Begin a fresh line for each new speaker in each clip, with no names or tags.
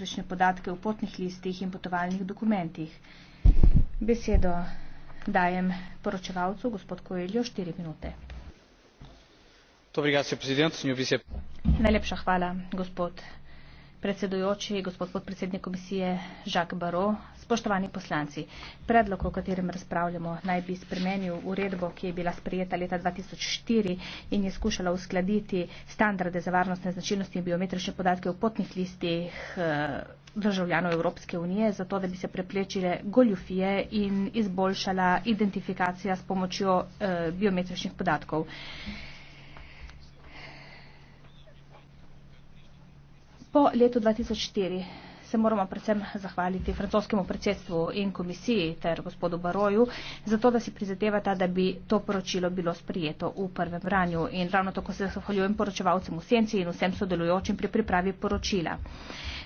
biometrične podatke v potnih listih in potovalnih dokumentih. Besedo dajem poročevalcu, gospod Koeljo, 4 minute. Dobrigad, Najlepša hvala, gospod predsedujoči, gospod podpredsednik komisije Žak Baro, spoštovani poslanci. Predlog, o katerem razpravljamo, naj bi spremenil uredbo, ki je bila sprejeta leta 2004 in je skušala uskladiti standarde za varnostne značilnosti in biometrične podatke v potnih listih eh, državljanov Evropske unije, zato da bi se preplečile goljufije in izboljšala identifikacija s pomočjo eh, biometričnih podatkov. Eh, Po letu 2004 se moramo predvsem zahvaliti francoskemu predsedstvu in komisiji ter gospodu Baroju za to, da si prizadevata, da bi to poročilo bilo sprijeto v prvem branju. In ravno tako se zahvaljujem poročevalcem v Senci in vsem sodelujočim pri pripravi poročila.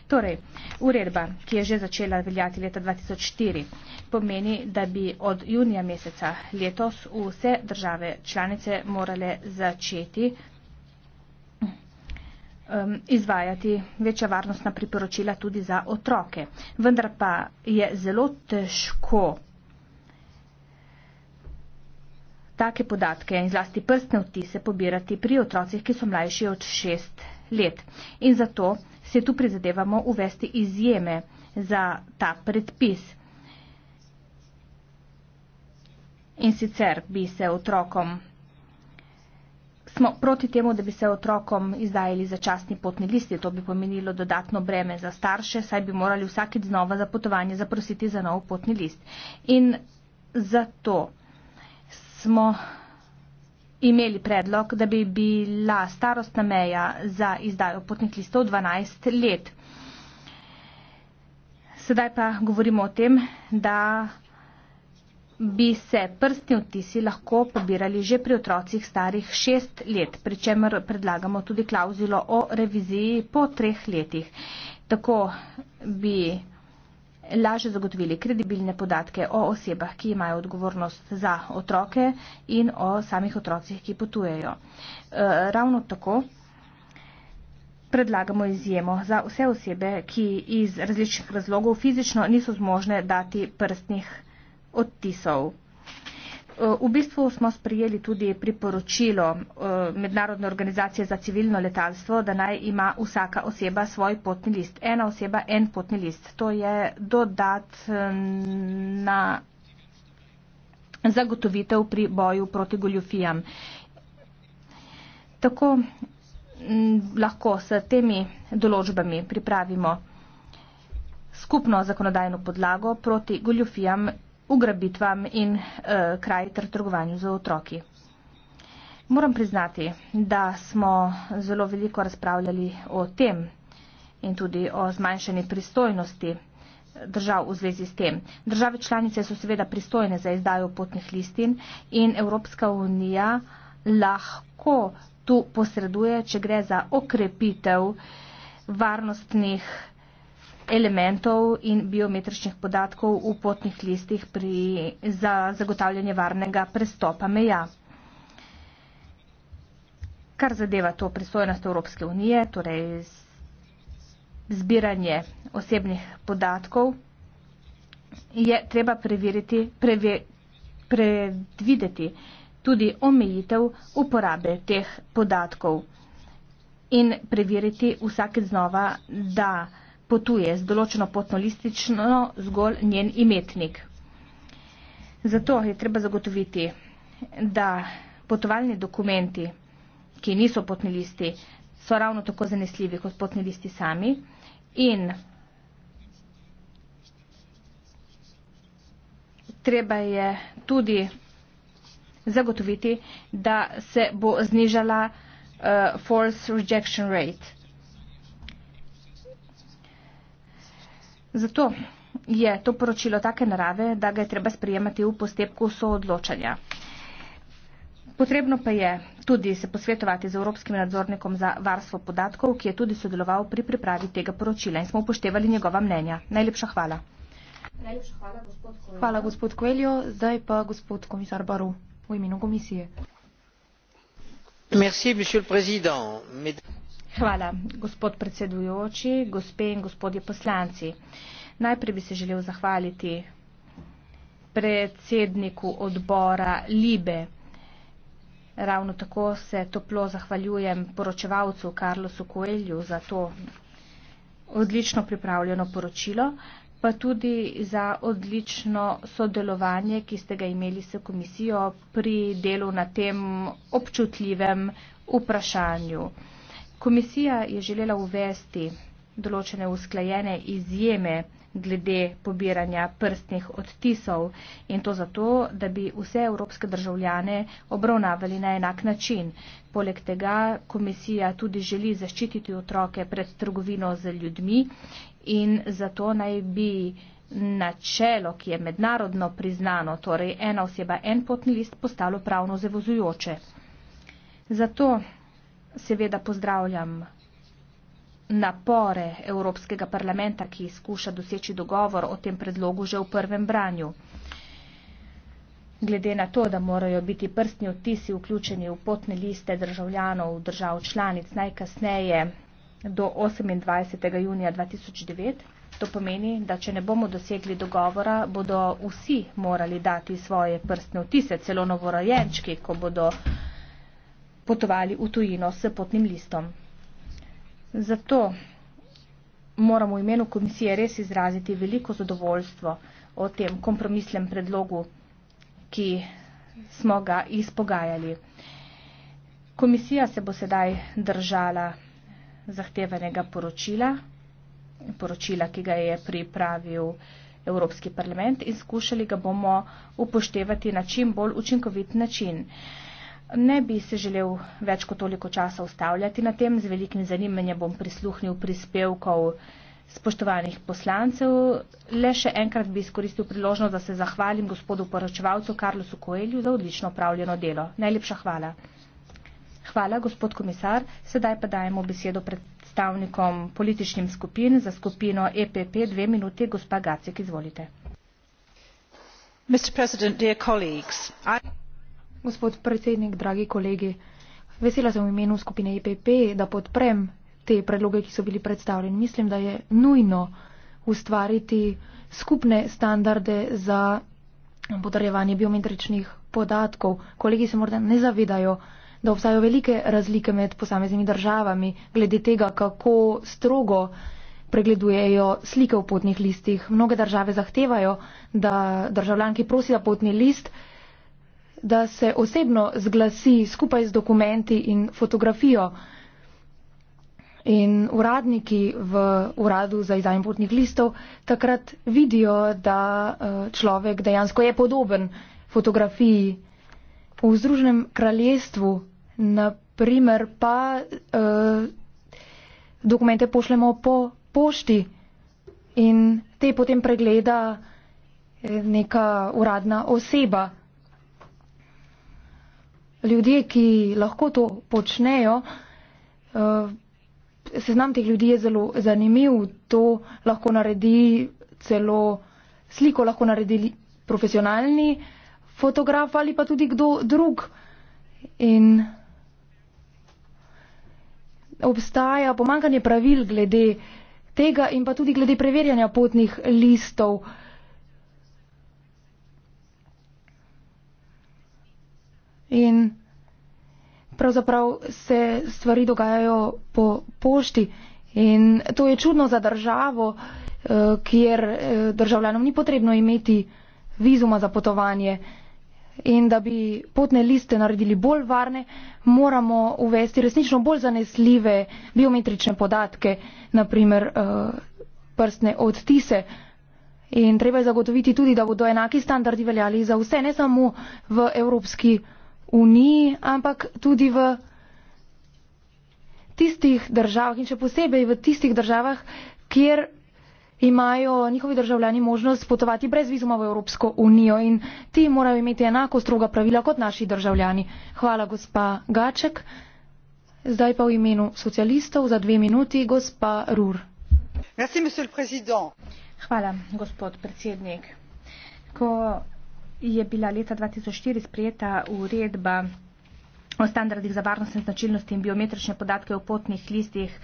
Torej, uredba, ki je že začela veljati leta 2004, pomeni, da bi od junija meseca letos vse države članice morale začeti um, izvajati večja varnostna priporočila tudi za otroke. Vendar pa je zelo težko take podatke in zlasti prstne vtise pobirati pri otrocih, ki so mlajši od šest let. In zato se tu prizadevamo uvesti izjeme za ta predpis. In sicer bi se otrokom smo proti temu, da bi se otrokom izdajali začasni potni listi. To bi pomenilo dodatno breme za starše, saj bi morali vsakeč znova za potovanje zaprositi za nov potni list. In zato smo imeli predlog, da bi bila starostna meja za izdajo potnih listov 12 let. Sedaj pa govorimo o tem, da bi se prstni odtisi lahko pobirali že pri otrocih starih šest let, pri čemer predlagamo tudi klauzulo o reviziji po treh letih. Tako bi lažje zagotovili kredibilne podatke o osebah, ki imajo odgovornost za otroke in o samih otrocih, ki potujejo. E, ravno tako predlagamo izjemo za vse osebe, ki iz različnih razlogov fizično niso zmožne dati prstnih odtisov odtisov. Eh, v bistvu smo sprijeli tudi priporočilo eh, Mednarodne organizacije za civilno letalstvo, da naj ima vsaka oseba svoj potni list. Ena oseba, en potni list. To je dodat na zagotovitev pri boju proti goljufijam. Tako lahko s temi določbami pripravimo skupno zakonodajno podlago proti goljufijam ugrabitvam in e, kraj ter trgovanju za otroki. Moram priznati, da smo zelo veliko razpravljali o tem in tudi o zmanjšanje pristojnosti eh, držav v zvezi s tem. Države članice so seveda pristojne za izdajo potnih listin in Evropska unija lahko tu posreduje, če gre za okrepitev varnostnih elementov in biometričnih podatkov v potnih listih pri, za zagotavljanje varnega prestopa meja. Kar zadeva to pristojnost Evropske unije, torej zbiranje osebnih podatkov, je treba preveriti, preve, predvideti tudi omejitev uporabe teh podatkov in preveriti vsake znova, da potuje z določeno potnolistično zgolj njen imetnik. Zato je treba zagotoviti, da potovalni dokumenti, ki niso potni listi, so ravno tako zanesljivi kot potni listi sami in treba je tudi zagotoviti, da se bo znižala uh, false rejection rate. Uh, Zato je to poročilo take narave, da ga je treba sprejemati v postepku soodločanja. Potrebno pa je tudi se posvetovati z Evropskim nadzornikom za varstvo podatkov, ki je tudi sodeloval pri pripravi tega poročila in smo upoštevali njegova mnenja. Najlepša hvala. Najlepša hvala, gospod Kveljo. Hvala, gospod Kveljo. Zdaj pa gospod komisar Baru v imenu komisije.
Merci, monsieur le président.
Hvala, gospod predsedujoči, gospe in gospodje poslanci. Najprej bi se želel zahvaliti predsedniku odbora Libe. Ravno tako se toplo zahvaljujem poročevalcu Karlosu Koelju za to odlično pripravljeno poročilo, pa tudi za odlično sodelovanje, ki ste ga imeli s komisijo pri delu na tem občutljivem vprašanju. Komisija je želela uvesti določene usklajene izjeme glede pobiranja prstnih odtisov in to zato, da bi vse evropske državljane obravnavali na enak način. Poleg tega komisija tudi želi zaščititi otroke pred trgovino z ljudmi in zato naj bi načelo, ki je mednarodno priznano, torej ena oseba, en potni list, postalo pravno zavozujoče. Zato seveda pozdravljam napore Evropskega parlamenta, ki skuša doseči dogovor o tem predlogu že v prvem branju. Glede na to, da morajo biti prstni odtisi vključeni v potne liste državljanov držav članic najkasneje do 28. junija 2009, to pomeni, da če ne bomo dosegli dogovora, bodo vsi morali dati svoje prstne odtise, celo novorojenčki, ko bodo potovali v tujino s potnim listom. Zato moramo v imenu komisije res izraziti veliko zadovoljstvo o tem kompromisnem predlogu, ki smo ga izpogajali. Komisija se bo sedaj držala zahtevanega poročila, poročila, ki ga je pripravil Evropski parlament in skušali ga bomo upoštevati na čim bolj učinkovit način. Ne bi se želel več kot toliko časa ustavljati na tem. Z velikim zanimanjem bom prisluhnil prispevkov spoštovanih poslancev. Le še enkrat bi izkoristil priložnost, da se zahvalim gospodu poročevalcu Karlosu Koelju za odlično upravljeno delo. Najlepša hvala. Hvala, gospod komisar. Sedaj pa dajemo besedo predstavnikom političnim skupin za skupino EPP. Dve minuti, gospa Gacek, izvolite.
Mr. President, dear colleagues, I...
Gospod predsednik, dragi kolegi, vesela sem v imenu skupine IPP, e da podprem te predloge, ki so bili predstavljeni. Mislim, da je nujno ustvariti skupne standarde za potrjevanje biometričnih podatkov. Kolegi se morda ne zavedajo, da obstajajo velike razlike med posameznimi državami glede tega, kako strogo pregledujejo slike v potnih listih. Mnoge države zahtevajo, da državljanki prosijo potni list da se osebno zglasi skupaj z dokumenti in fotografijo. In uradniki v uradu za izdajanje potnih listov takrat vidijo, da eh, človek dejansko je podoben fotografiji. V Združenem kraljestvu, na primer, pa eh, dokumente pošljemo po pošti in te potem pregleda eh, neka uradna oseba ljudje, ki lahko to počnejo, eh, seznam teh ljudi je zelo zanimiv, to lahko naredi celo sliko, lahko naredi profesionalni fotograf ali pa tudi kdo drug. In obstaja pomankanje pravil glede tega in pa tudi glede preverjanja potnih listov. in pravzaprav se stvari dogajajo po pošti. In to je čudno za državo, eh, kjer eh, državljanom ni potrebno imeti vizuma za potovanje. In da bi potne liste naredili bolj varne, moramo uvesti resnično bolj zanesljive biometrične podatke, naprimer eh, prstne odtise. In treba je zagotoviti tudi, da bodo enaki standardi veljali za vse, ne samo v Evropski uniji uniji, ampak tudi v tistih državah in še posebej v tistih državah, kjer imajo njihovi državljani možnost potovati brez vizuma v Evropsko unijo in ti morajo imeti enako stroga pravila kot naši državljani. Hvala, gospa Gaček. Zdaj pa v imenu socialistov za dve minuti, gospa Rur.
Hvala, gospod predsednik. Ko je bila leta 2004 sprejeta uredba o standardih za varnostne značilnosti in biometrične podatke v potnih listih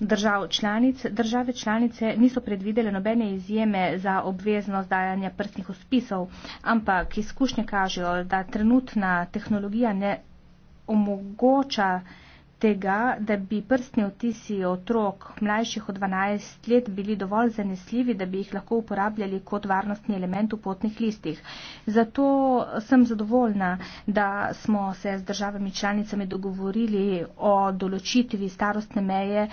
držav članic. Države članice niso predvidele nobene izjeme za obvezno zdajanje prstnih uspisov, ampak izkušnje kažejo, da trenutna tehnologija ne omogoča tega, da bi prstni otisi otrok mlajših od 12 let bili dovolj zanesljivi, da bi jih lahko uporabljali kot varnostni element v potnih listih. Zato sem zadovoljna, da smo se z državami članicami dogovorili o določitvi starostne meje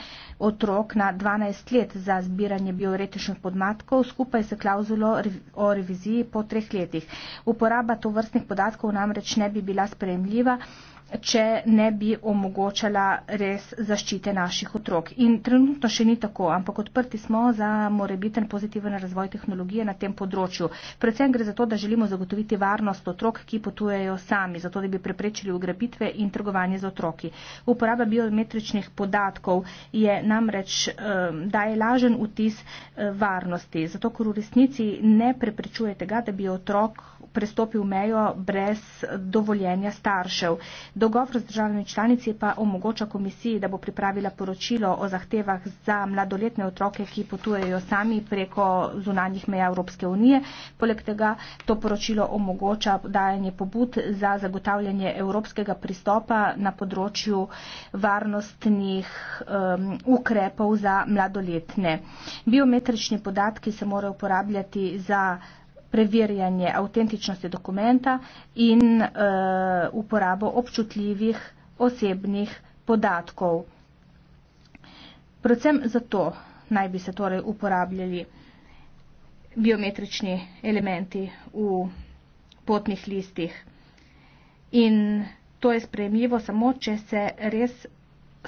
otrok na 12 let za zbiranje bioretičnih podmatkov skupaj s klauzulo o reviziji po treh letih. Uporaba tovrstnih podatkov namreč ne bi bila sprejemljiva če ne bi omogočala res zaščite naših otrok. In trenutno še ni tako, ampak odprti smo za morebiten pozitiven razvoj tehnologije na tem področju. Predvsem gre za to, da želimo zagotoviti varnost otrok, ki potujejo sami, zato da bi preprečili ugrabitve in trgovanje z otroki. Uporaba biometričnih podatkov je namreč eh, daje lažen vtis eh, varnosti, zato ker v resnici ne preprečuje tega, da bi otrok prestopil mejo brez dovoljenja staršev. Dogovor z državami članici pa omogoča komisiji, da bo pripravila poročilo o zahtevah za mladoletne otroke, ki potujejo sami preko zunanjih meja Evropske unije. Poleg tega to poročilo omogoča dajanje pobud za zagotavljanje evropskega pristopa na področju varnostnih um, ukrepov za mladoletne. Biometrični podatki se morajo uporabljati za preverjanje avtentičnosti dokumenta in e, uporabo občutljivih osebnih podatkov. Predvsem zato naj bi se torej uporabljali biometrični elementi v potnih listih. In to je sprejemljivo samo, če se res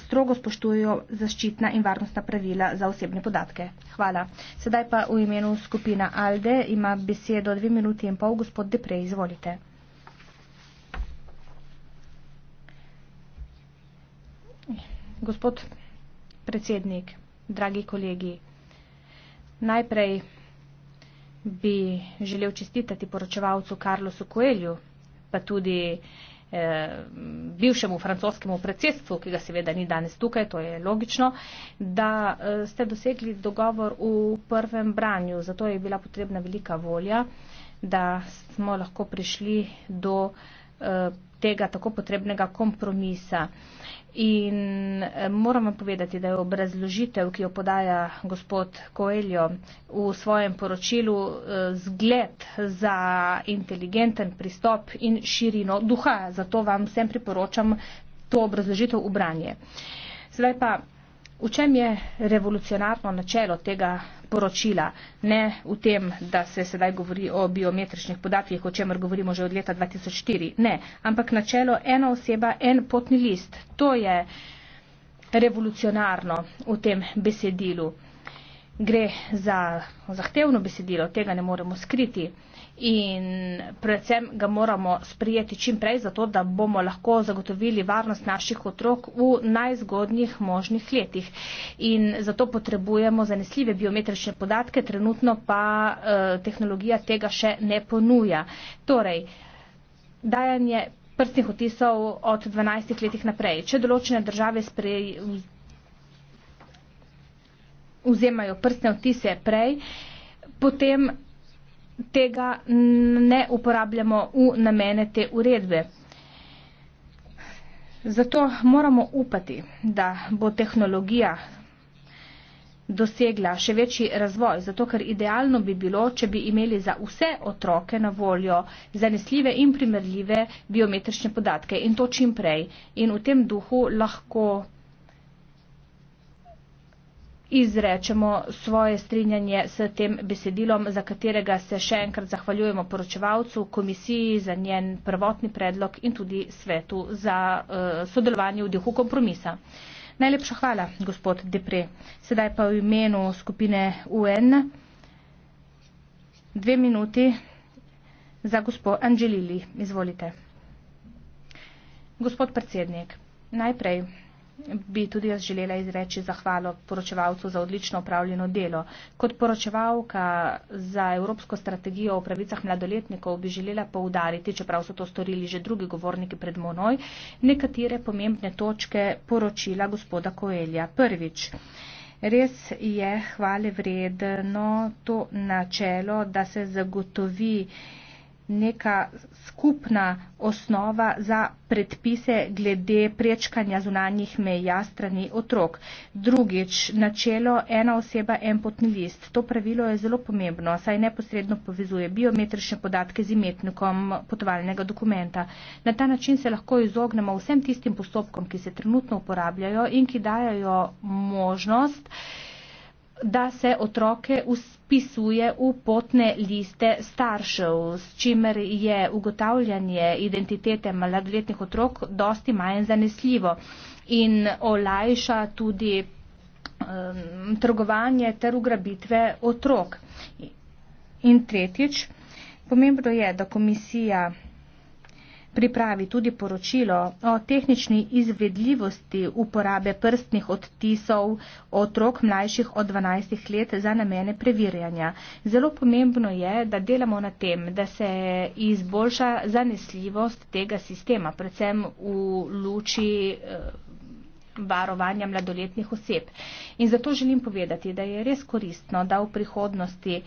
strogo spoštujejo zaščitna in varnostna pravila za osebne podatke. Hvala. Sedaj pa v imenu skupina Alde ima besedo dve minuti in pol gospod Deprej. Izvolite. Gospod predsednik, dragi kolegi, najprej bi želel čestitati poročevalcu Karlosu Koelju, pa tudi eh, bivšemu francoskemu predsedstvu, ki ga seveda ni danes tukaj, to je logično, da eh, ste dosegli dogovor v prvem branju. Zato je bila potrebna velika volja, da smo lahko prišli do eh, Eh, tega tako potrebnega kompromisa. In eh, moram vam povedati, da je obrazložitev, ki jo podaja gospod Koeljo v svojem poročilu, eh, zgled za inteligenten pristop in širino duha. Zato vam vsem priporočam to obrazložitev v branje. Zdaj pa V čem je revolucionarno načelo tega poročila? Ne v tem, da se sedaj govori o biometričnih podatkih, o čemer govorimo že od leta 2004. Ne, ampak načelo ena oseba, en potni list. To je revolucionarno v tem besedilu. Gre za zahtevno besedilo, tega ne moremo skriti in predvsem ga moramo sprijeti čim prej, zato da bomo lahko zagotovili varnost naših otrok v najzgodnjih možnih letih. In zato potrebujemo zanesljive biometrične podatke, trenutno pa eh, tehnologija tega še ne ponuja. Torej, dajanje prstnih otisov od 12 letih naprej. Če določene države vzemajo prstne otise prej, potem tega ne uporabljamo v namene te uredbe. Zato moramo upati, da bo tehnologija dosegla še večji razvoj, zato ker idealno bi bilo, če bi imeli za vse otroke na voljo zanesljive in primerljive biometrične podatke in to čim prej. In v tem duhu lahko izrečemo svoje strinjanje s tem besedilom, za katerega se še enkrat zahvaljujemo poročevalcu, komisiji za njen prvotni predlog in tudi svetu za eh, sodelovanje v duhu kompromisa. Najlepša hvala, gospod Depre. Sedaj pa v imenu skupine UN dve minuti za gospod Angelili. Izvolite. Gospod predsednik, najprej bi tudi jaz želela izreči zahvalo poročevalcu za odlično upravljeno delo. Kot poročevalka za Evropsko strategijo o pravicah mladoletnikov bi želela poudariti, čeprav so to storili že drugi govorniki pred monoj, nekatere pomembne točke poročila gospoda Koelja. Prvič. Res je hvale vredno to načelo, da se zagotovi neka skupna osnova za predpise glede prečkanja zunanjih meja strani otrok. Drugič, načelo ena oseba, en potni list. To pravilo je zelo pomembno, saj neposredno povezuje biometrične podatke z imetnikom potovalnega dokumenta. Na ta način se lahko izognemo vsem tistim postopkom, ki se trenutno uporabljajo in ki dajo možnost, da se otroke vpisuje v potne liste staršev, s čimer je ugotavljanje identitete mladoletnih otrok dosti manj zanesljivo in olajša tudi um, trgovanje ter ugrabitve otrok. In tretjič, pomembno je, da komisija pripravi tudi poročilo o tehnični izvedljivosti uporabe prstnih odtisov otrok mlajših od 12 let za namene preverjanja. Zelo pomembno je, da delamo na tem, da se izboljša zanesljivost tega sistema, predvsem v luči eh, varovanja mladoletnih oseb. In zato želim povedati, da je res koristno, da v prihodnosti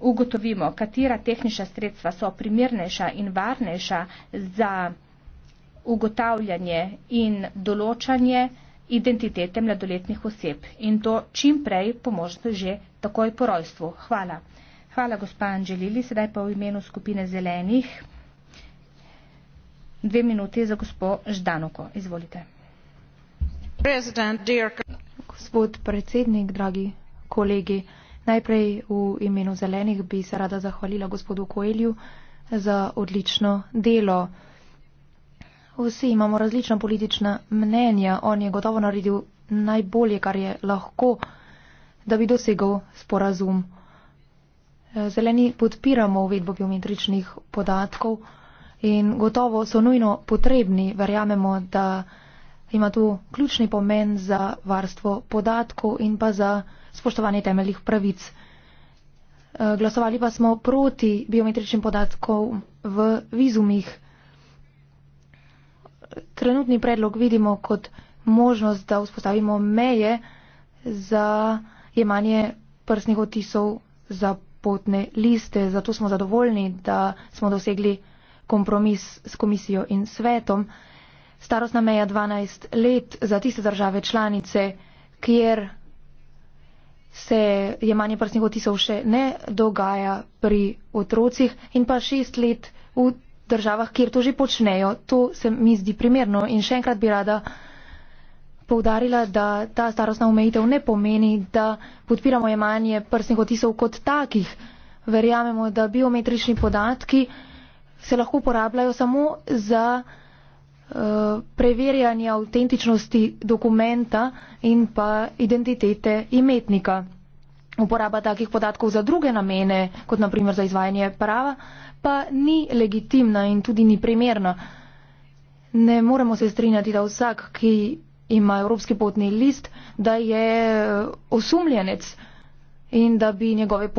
ugotovimo, katera tehnična sredstva so primernejša in varnejša za ugotavljanje in določanje identitete mladoletnih oseb in to čim prej, po možnosti že takoj po rojstvu. Hvala. Hvala, gospa Anželili. Sedaj pa v imenu skupine zelenih. Dve minuti za gospo Ždanoko. Izvolite. Gospod predsednik, dragi
kolegi. Najprej v imenu zelenih bi se rada zahvalila gospodu Koelju za odlično delo. Vsi imamo različna politična mnenja. On je gotovo naredil najbolje, kar je lahko, da bi dosegel sporazum. Zeleni podpiramo uvedbo biometričnih podatkov in gotovo so nujno potrebni. Verjamemo, da ima tu ključni pomen za varstvo podatkov in pa za spoštovanje temeljih pravic. Eh, glasovali pa smo proti biometričnim podatkom v vizumih. Trenutni predlog vidimo kot možnost, da vzpostavimo meje za jemanje prsnih otisov za potne liste. Zato smo zadovoljni, da smo dosegli kompromis s komisijo in svetom. Starostna meja 12 let za tiste države članice, kjer se jemanje prsnih otisov še ne dogaja pri otrocih in pa šest let v državah, kjer to že počnejo. To se mi zdi primerno in še enkrat bi rada povdarila, da ta starostna omejitev ne pomeni, da podpiramo jemanje prsnih otisov kot takih. Verjamemo, da biometrični podatki se lahko uporabljajo samo za Eh, preverjanja avtentičnosti dokumenta in pa identitete imetnika. Uporaba takih podatkov za druge namene, kot naprimer za izvajanje prava, pa ni legitimna in tudi ni primerna. Ne moremo se strinjati, da vsak, ki ima Evropski potni list, da je eh, osumljenec in da bi njegove eh,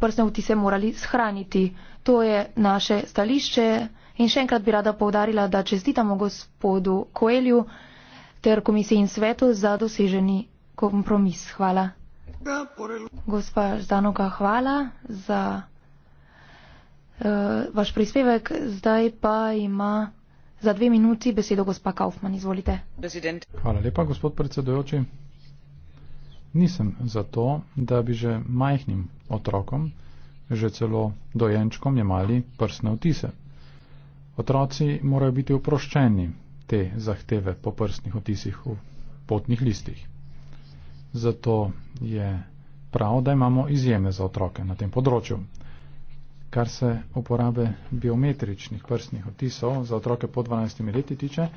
prstne vtise morali shraniti. To je naše stališče. In še enkrat bi rada povdarila, da čestitamo gospodu Koelju ter komisiji in svetu za doseženi kompromis. Hvala. Gospa Ždanoka, hvala za uh, vaš prispevek. Zdaj pa ima za dve minuti besedo gospa Kaufman. Izvolite.
President. Hvala lepa, gospod predsedujoči. Nisem za to, da bi že majhnim otrokom, že celo dojenčkom, jemali prstne vtise. Otroci morajo biti oproščeni te zahteve po prstnih otisih v potnih listih. Zato je prav, da imamo izjeme za otroke na tem področju. Kar se uporabe biometričnih prstnih otisov za otroke po 12 leti tiče,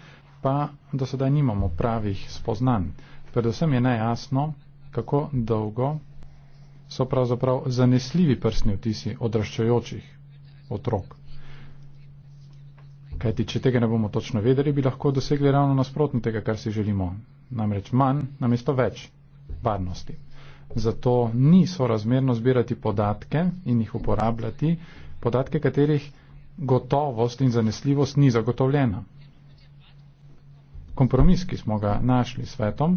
pa do sedaj nimamo pravih spoznanj. Predvsem je nejasno, kako dolgo so pravzaprav zanesljivi prstni otisi odraščajočih otrok. Kajti, če tega ne bomo točno vedeli, bi lahko dosegli ravno nasprotno tega, kar si želimo. Namreč manj, namesto več varnosti. Zato ni sorazmerno zbirati podatke in jih uporabljati, podatke katerih gotovost in zanesljivost ni zagotovljena. Kompromis, ki smo ga našli s svetom,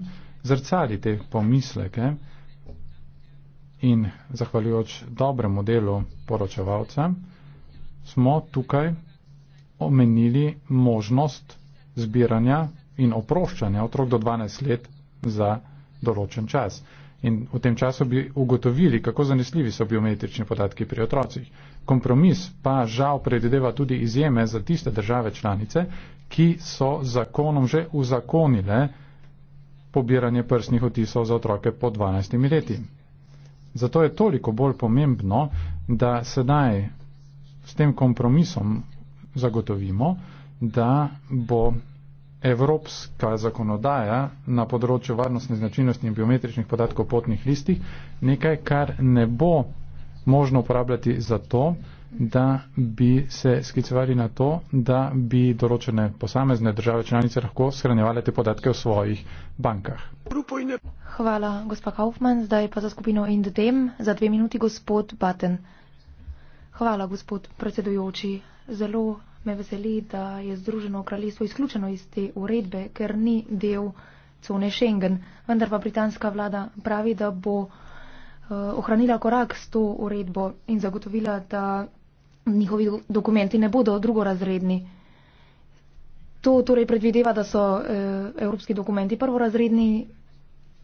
zrcali te pomisleke in zahvaljujoč dobremu delu poročevalca, smo tukaj omenili možnost zbiranja in oproščanja otrok do 12 let za določen čas. In v tem času bi ugotovili, kako zanesljivi so biometrični podatki pri otrocih. Kompromis pa žal predideva tudi izjeme za tiste države članice, ki so zakonom že uzakonile pobiranje prsnih otisov za otroke po 12 leti. Zato je toliko bolj pomembno, da sedaj s tem kompromisom zagotovimo, da bo evropska zakonodaja na področju varnostnih značilnosti in biometričnih podatkov potnih listih nekaj, kar ne bo možno uporabljati za to, da bi se skicevali na to, da bi določene posamezne države članice lahko shranjevali te podatke v svojih bankah.
Hvala, gospa Kaufmann. Zdaj pa za skupino Indem, za dve minuti gospod Batten. Hvala, gospod predsedujoči zelo me veseli, da je Združeno kraljestvo izključeno iz te uredbe, ker ni del cone Schengen. Vendar pa britanska vlada pravi, da bo eh, ohranila korak s to uredbo in zagotovila, da njihovi dokumenti ne bodo drugorazredni. To torej predvideva, da so eh, evropski dokumenti prvorazredni,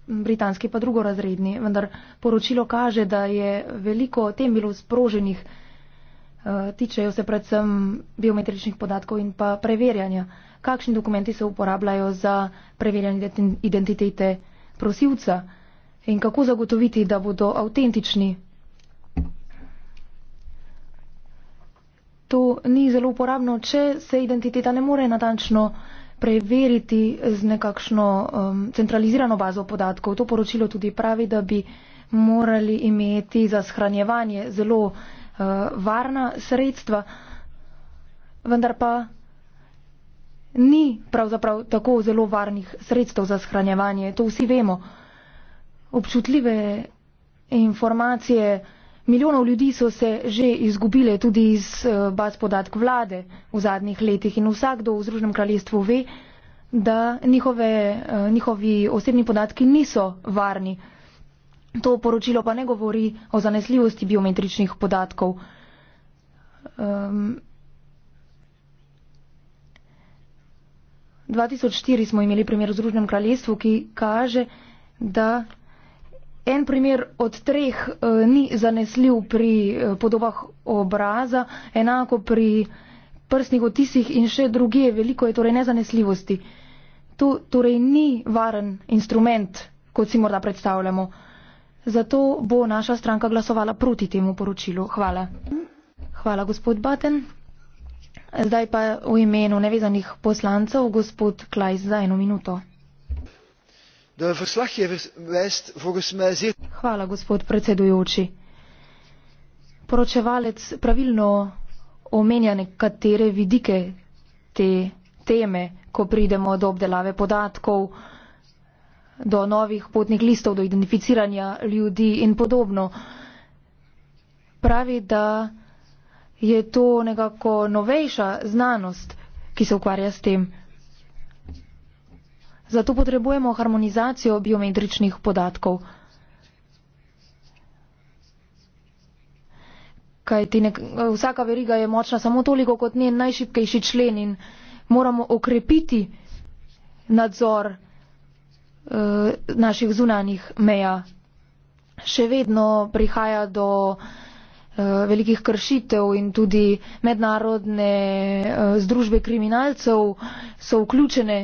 britanski pa drugorazredni. Vendar poročilo kaže, da je veliko tem bilo sproženih Eh, tičejo se predvsem biometričnih podatkov in pa preverjanja. Kakšni dokumenti se uporabljajo za preverjanje identitete prosilca in kako zagotoviti, da bodo avtentični. To ni zelo uporabno, če se identiteta ne more natančno preveriti z nekakšno um, centralizirano bazo podatkov. To poročilo tudi pravi, da bi morali imeti za shranjevanje zelo uh, varna sredstva, vendar pa ni pravzaprav tako zelo varnih sredstev za shranjevanje. To vsi vemo. Občutljive informacije milijonov ljudi so se že izgubile tudi iz uh, baz podatk vlade v zadnjih letih in vsakdo v Združenem kraljestvu ve, da njihove, uh, njihovi osebni podatki niso varni. Uh, To poročilo pa ne govori o zanesljivosti biometričnih podatkov. Um, 2004 smo imeli primer v Združnem kraljestvu, ki kaže, da en primer od treh uh, ni zanesljiv pri uh, podobah obraza, enako pri prstnih otisih in še druge. Veliko je torej nezanesljivosti. To torej ni varen instrument, kot si morda predstavljamo. Zato bo naša stranka glasovala proti temu poročilu. Hvala. Hvala, gospod Baten. Zdaj pa v imenu nevezanih poslancev, gospod Klajs, za eno minuto. Hvala, gospod predsedujoči. Poročevalec pravilno omenja nekatere vidike te teme, ko pridemo do obdelave podatkov do novih potnih listov, do identificiranja ljudi in podobno. Pravi, da je to nekako novejša znanost, ki se ukvarja s tem. Zato potrebujemo harmonizacijo biometričnih podatkov. Kaj ti nek, vsaka veriga je močna samo toliko kot njen najšipkejši člen in moramo okrepiti nadzor uh, naših zunanih meja. Še vedno prihaja do uh, velikih kršitev in tudi mednarodne uh, združbe kriminalcev so vključene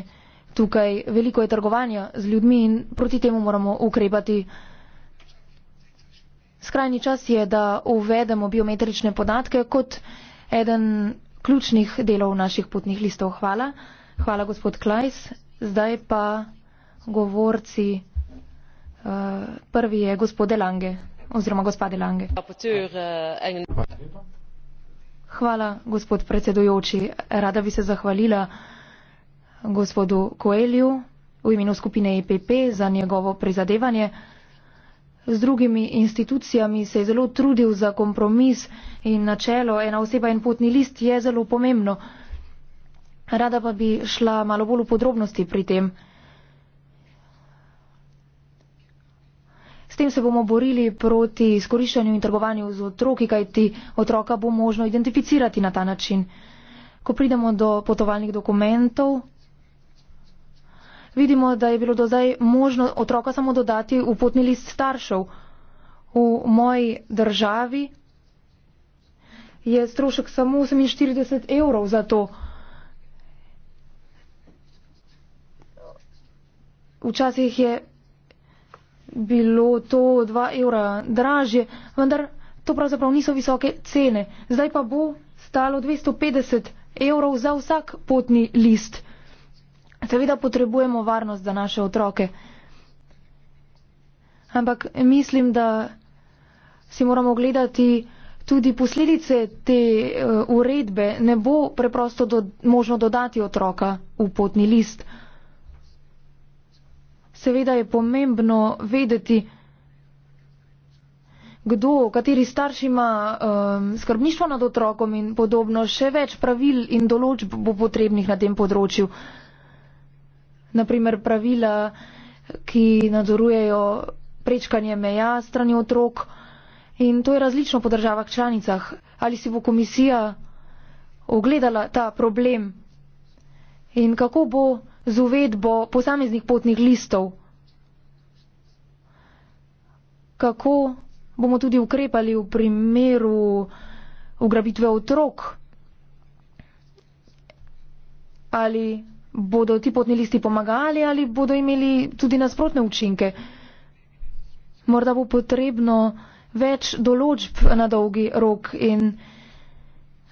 tukaj. Veliko je trgovanja z ljudmi in proti temu moramo ukrepati. Skrajni čas je, da uvedemo biometrične podatke kot eden ključnih delov naših potnih listov. Hvala. Hvala, gospod Klajs. Zdaj pa govorci. Uh, prvi je gospode Lange oziroma gospode Lange. Hvala, gospod predsedujoči. Rada bi se zahvalila gospodu Koelju v imenu skupine EPP za njegovo prizadevanje. Z drugimi institucijami se je zelo trudil za kompromis in načelo ena oseba in potni list je zelo pomembno. Rada pa bi šla malo bolj v podrobnosti pri tem. Uh, S tem se bomo borili proti izkoriščanju in trgovanju z otroki, kajti otroka bo možno identificirati na ta način. Ko pridemo do potovalnih dokumentov, vidimo, da je bilo do zdaj možno otroka samo dodati v potni list staršev. V moji državi je strošek samo 48 evrov za to. Včasih je bilo to 2 evra dražje, vendar to pravzaprav niso visoke cene. Zdaj pa bo stalo 250 evrov za vsak potni list. Seveda potrebujemo varnost za naše otroke. Ampak mislim, da si moramo gledati tudi posledice te eh, uredbe. Ne bo preprosto do, možno dodati otroka v potni list. Seveda je pomembno vedeti, kdo, kateri starš ima um, skrbništvo nad otrokom in podobno. Še več pravil in določb bo potrebnih na tem področju. Naprimer pravila, ki nadzorujejo prečkanje meja strani otrok. In to je različno po državah članicah. Ali si bo komisija ogledala ta problem in kako bo z uvedbo posameznih potnih listov? Kako bomo tudi ukrepali v primeru ugrabitve otrok? Ali bodo ti potni listi pomagali ali bodo imeli tudi nasprotne učinke? Morda bo potrebno več določb na dolgi rok in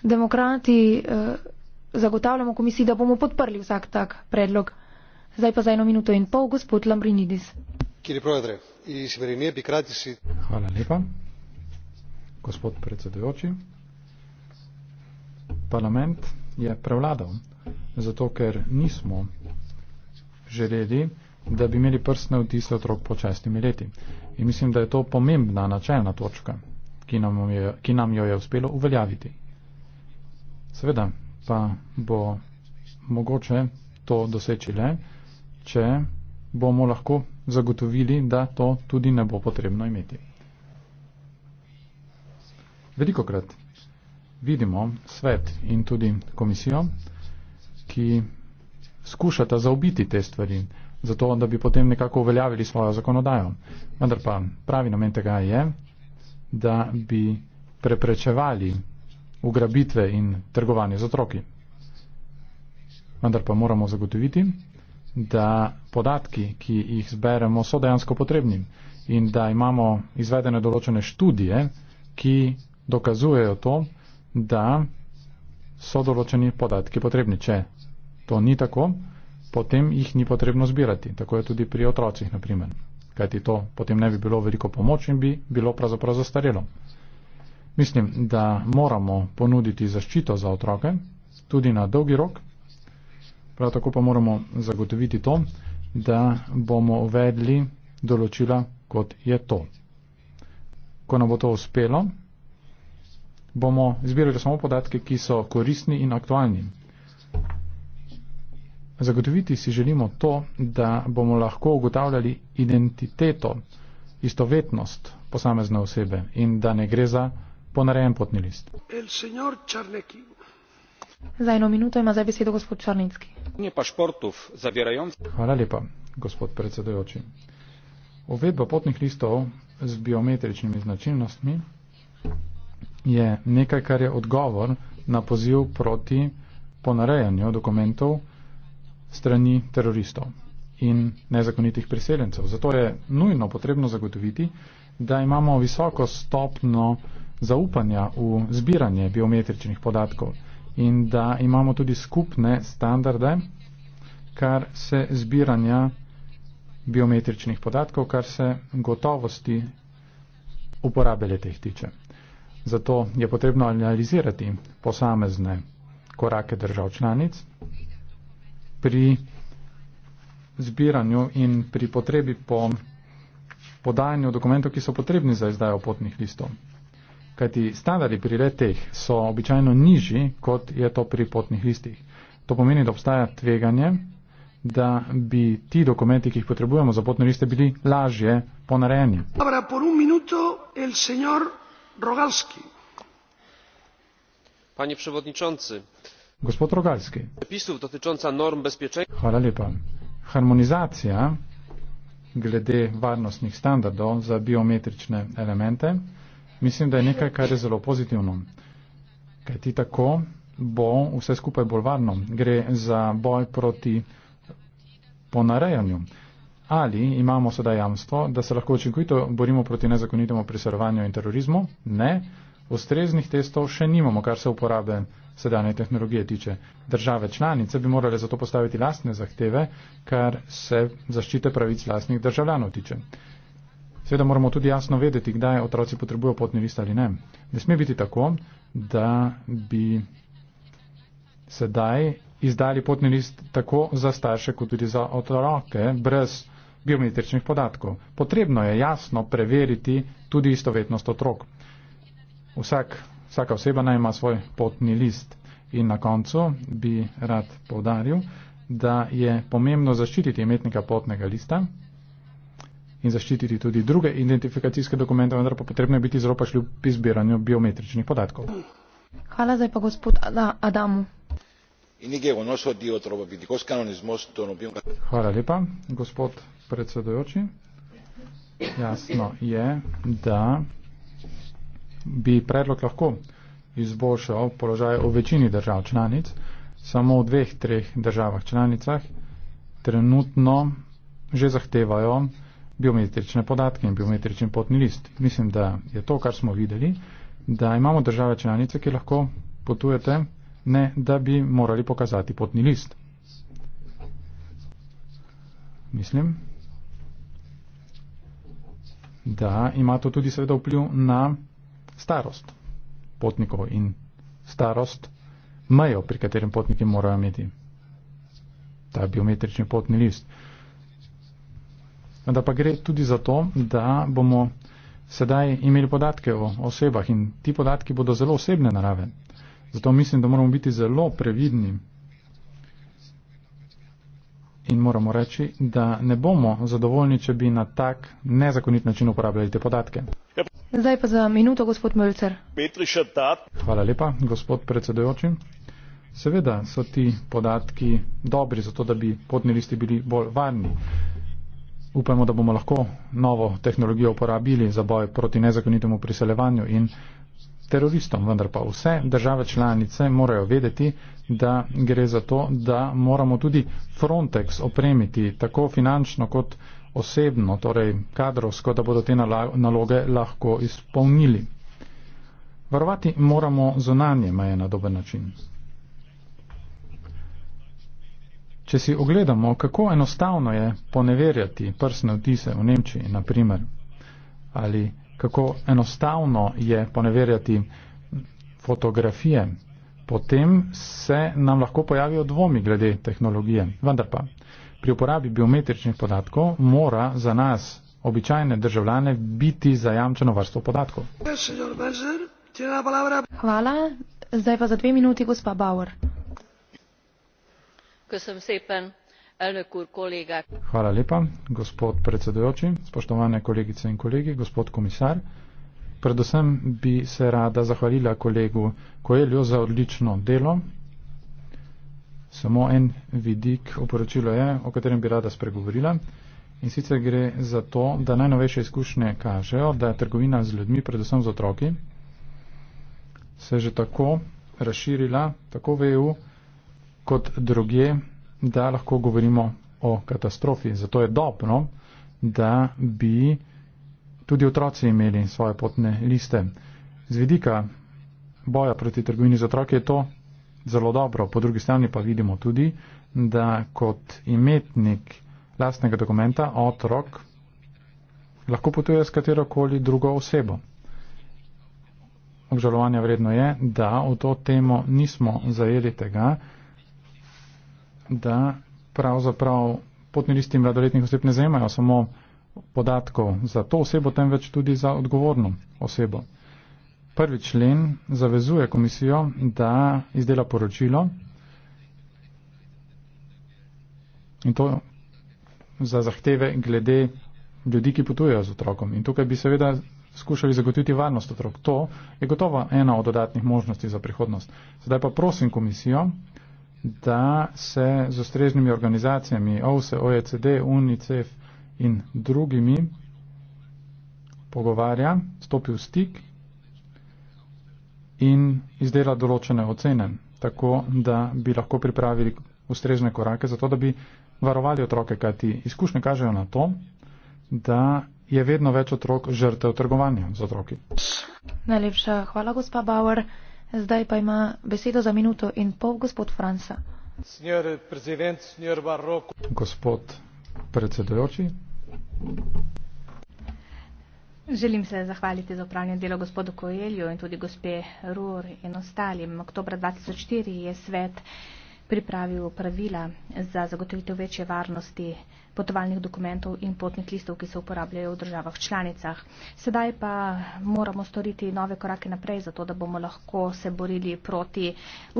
demokrati. Uh, zagotavljamo komisiji, da bomo podprli vsak tak predlog. Zdaj pa za eno minuto in pol, gospod Lambrinidis.
Hvala lepa, gospod predsedujoči. Parlament je prevladal, zato ker nismo želeli, da bi imeli prstne vtise otrok po čestimi leti. In mislim, da je to pomembna načelna točka, ki nam, je, ki nam jo je uspelo uveljaviti. Seveda, pa bo mogoče to doseči le, če bomo lahko zagotovili, da to tudi ne bo potrebno imeti. Veliko krat vidimo svet in tudi komisijo, ki skušata zaobiti te stvari, zato da bi potem nekako uveljavili svojo zakonodajo. Vendar pa pravi namen tega je, da bi preprečevali ugrabitve in trgovanje z otroki. Vendar pa moramo zagotoviti, da podatki, ki jih zberemo, so dejansko potrebni in da imamo izvedene določene študije, ki dokazujejo to, da so določeni podatki potrebni. Če to ni tako, potem jih ni potrebno zbirati. Tako je tudi pri otrocih, naprimer. Kajti to potem ne bi bilo veliko pomoč in bi bilo pravzaprav zastarelo. Mislim, da moramo ponuditi zaščito za otroke, tudi na dolgi rok. Prav tako pa moramo zagotoviti to, da bomo uvedli določila, kot je to. Ko nam bo to uspelo, bomo zbirali samo podatke, ki so koristni in aktualni. Zagotoviti si želimo to, da bomo lahko ugotavljali identiteto, istovetnost posamezne osebe in da ne gre za ponarejen potni list. Za
eno minuto ima zdaj besedo gospod Črnitski.
Hvala lepa, gospod predsedujoči. Uvedba potnih listov z biometričnimi značilnostmi je nekaj, kar je odgovor na poziv proti ponarejanju dokumentov strani teroristov in nezakonitih priseljencev. Zato je nujno potrebno zagotoviti, da imamo visoko stopno zaupanja v zbiranje biometričnih podatkov in da imamo tudi skupne standarde, kar se zbiranja biometričnih podatkov, kar se gotovosti uporabele teh tiče. Zato je potrebno analizirati posamezne korake držav članic pri zbiranju in pri potrebi po podajanju dokumentov, ki so potrebni za izdajo potnih listov kajti standardi pri le-teh so običajno nižji, kot je to pri potnih listih. To pomeni, da obstaja tveganje, da bi ti dokumenti, ki jih potrebujemo za potne liste, bili lažje ponarejeni.
Panie przewodniczący,
gospod Rogalski,
przepisów dotycząca norm bezpieczeństwa.
lepa. Harmonizacja glede warnostnych standardów za biometryczne elementy mislim, da je nekaj, kar je zelo pozitivno. Kaj ti tako bo vse skupaj bolj varno? Gre za boj proti ponarejanju. Ali imamo sedaj jamstvo, da se lahko očinkovito borimo proti nezakonitemu priservanju in terorizmu? Ne. Ostreznih testov še nimamo, kar se uporabe sedajne tehnologije tiče. Države članice bi morale zato postaviti lastne zahteve, kar se zaščite pravic lastnih državljanov tiče. Seveda moramo tudi jasno vedeti, kdaj otroci potrebujejo potni list ali ne. Ne sme biti tako, da bi sedaj izdali potni list tako za starše, kot tudi za otroke, brez biometričnih podatkov. Potrebno je jasno preveriti tudi istovetnost otrok. Vsak, vsaka oseba naj ima svoj potni list. In na koncu bi rad povdaril, da je pomembno zaščititi imetnika potnega lista in zaščititi tudi druge identifikacijske dokumente, vendar pa potrebno je biti zelo pašljiv pri zbiranju biometričnih podatkov.
Hvala zdaj pa gospod
Adamu. Hvala lepa, gospod predsedojoči. Jasno je, da bi predlog lahko izboljšal položaj v večini držav članic, samo v dveh, treh državah članicah trenutno že zahtevajo biometrične podatke in biometričen potni list. Mislim, da je to, kar smo videli, da imamo države članice, ki lahko potujete, ne da bi morali pokazati potni list. Mislim, da ima to tudi seveda vpliv na starost potnikov in starost mejo, pri katerem potniki morajo imeti ta biometrični potni list. Uh, Vendar pa gre tudi za to, da bomo sedaj imeli podatke o osebah in ti podatki bodo zelo osebne narave. Zato mislim, da moramo biti zelo previdni in moramo reči, da ne bomo zadovoljni, če bi na tak nezakonit način uporabljali te podatke.
Zdaj pa za minuto, gospod Mölcer.
Hvala lepa, gospod predsedujoči. Seveda so ti podatki dobri, zato da bi potni listi bili bolj varni. Upamo, da bomo lahko novo tehnologijo uporabili za boj proti nezakonitemu priseljevanju in teroristom, vendar pa vse države članice morajo vedeti, da gre za to, da moramo tudi Frontex opremiti tako finančno kot osebno, torej kadrovsko, da bodo te naloge lahko izpolnili. Varovati moramo zunanje meje na dober način. Če si ogledamo, kako enostavno je poneverjati prsne vtise v Nemčiji, na primer, ali kako enostavno je poneverjati fotografije, potem se nam lahko pojavijo dvomi glede tehnologije. Vendar pa, pri uporabi biometričnih podatkov mora za nas, običajne državljane, biti zajamčeno varstvo podatkov.
Hvala, zdaj pa za dve minuti, gospa Bauer.
Köszönöm szépen, elnök úr, kollégák!
Hvala lepa, gospod predsedujoči, spoštovane kolegice in kolegi, gospod komisar. Predvsem bi se rada zahvalila kolegu Koeljo za odlično delo. Samo en vidik oporočilo je, o katerem bi rada spregovorila. In sicer gre za to, da najnovejše izkušnje kažejo, da je trgovina z ljudmi, predvsem z otroki, se že tako razširila, tako v EU, kot druge, da lahko govorimo o katastrofi. Zato je dobro, da bi tudi otroci imeli svoje potne liste. Z vidika boja proti trgovini z otroki je to zelo dobro. Po drugi strani pa vidimo tudi, da kot imetnik lastnega dokumenta otrok lahko potuje s katerokoli drugo osebo. Obžalovanja vredno je, da v to temo nismo zajeli tega, da pravzaprav potni listi in mladoletnih oseb ne zajemajo samo podatkov za to osebo, temveč tudi za odgovorno osebo. Prvi člen zavezuje komisijo, da izdela poročilo in to za zahteve glede ljudi, ki potujejo z otrokom. In tukaj bi seveda skušali zagotoviti varnost otrok. To je gotovo ena od dodatnih možnosti za prihodnost. Zdaj pa prosim komisijo, da se z ustreznimi organizacijami OVSE, OECD, UNICEF in drugimi pogovarja, stopi v stik in izdela določene ocene, tako da bi lahko pripravili ustrezne korake, zato da bi varovali otroke, kajti izkušnje kažejo na to, da je vedno več otrok žrtev trgovanja z
otroki.
Najlepša hvala, gospa Bauer. Zdaj pa ima besedo za minuto in pol gospod Franca.
Gospod
predsedujoči.
Želim se zahvaliti za upravljanje delo gospodu Koelju in tudi gospe Rur in ostalim. Oktober 2004 je svet pripravil pravila za zagotovitev večje varnosti potovalnih dokumentov in potnih listov, ki se uporabljajo v državah članicah. Sedaj pa moramo storiti nove korake naprej, zato da bomo lahko se borili proti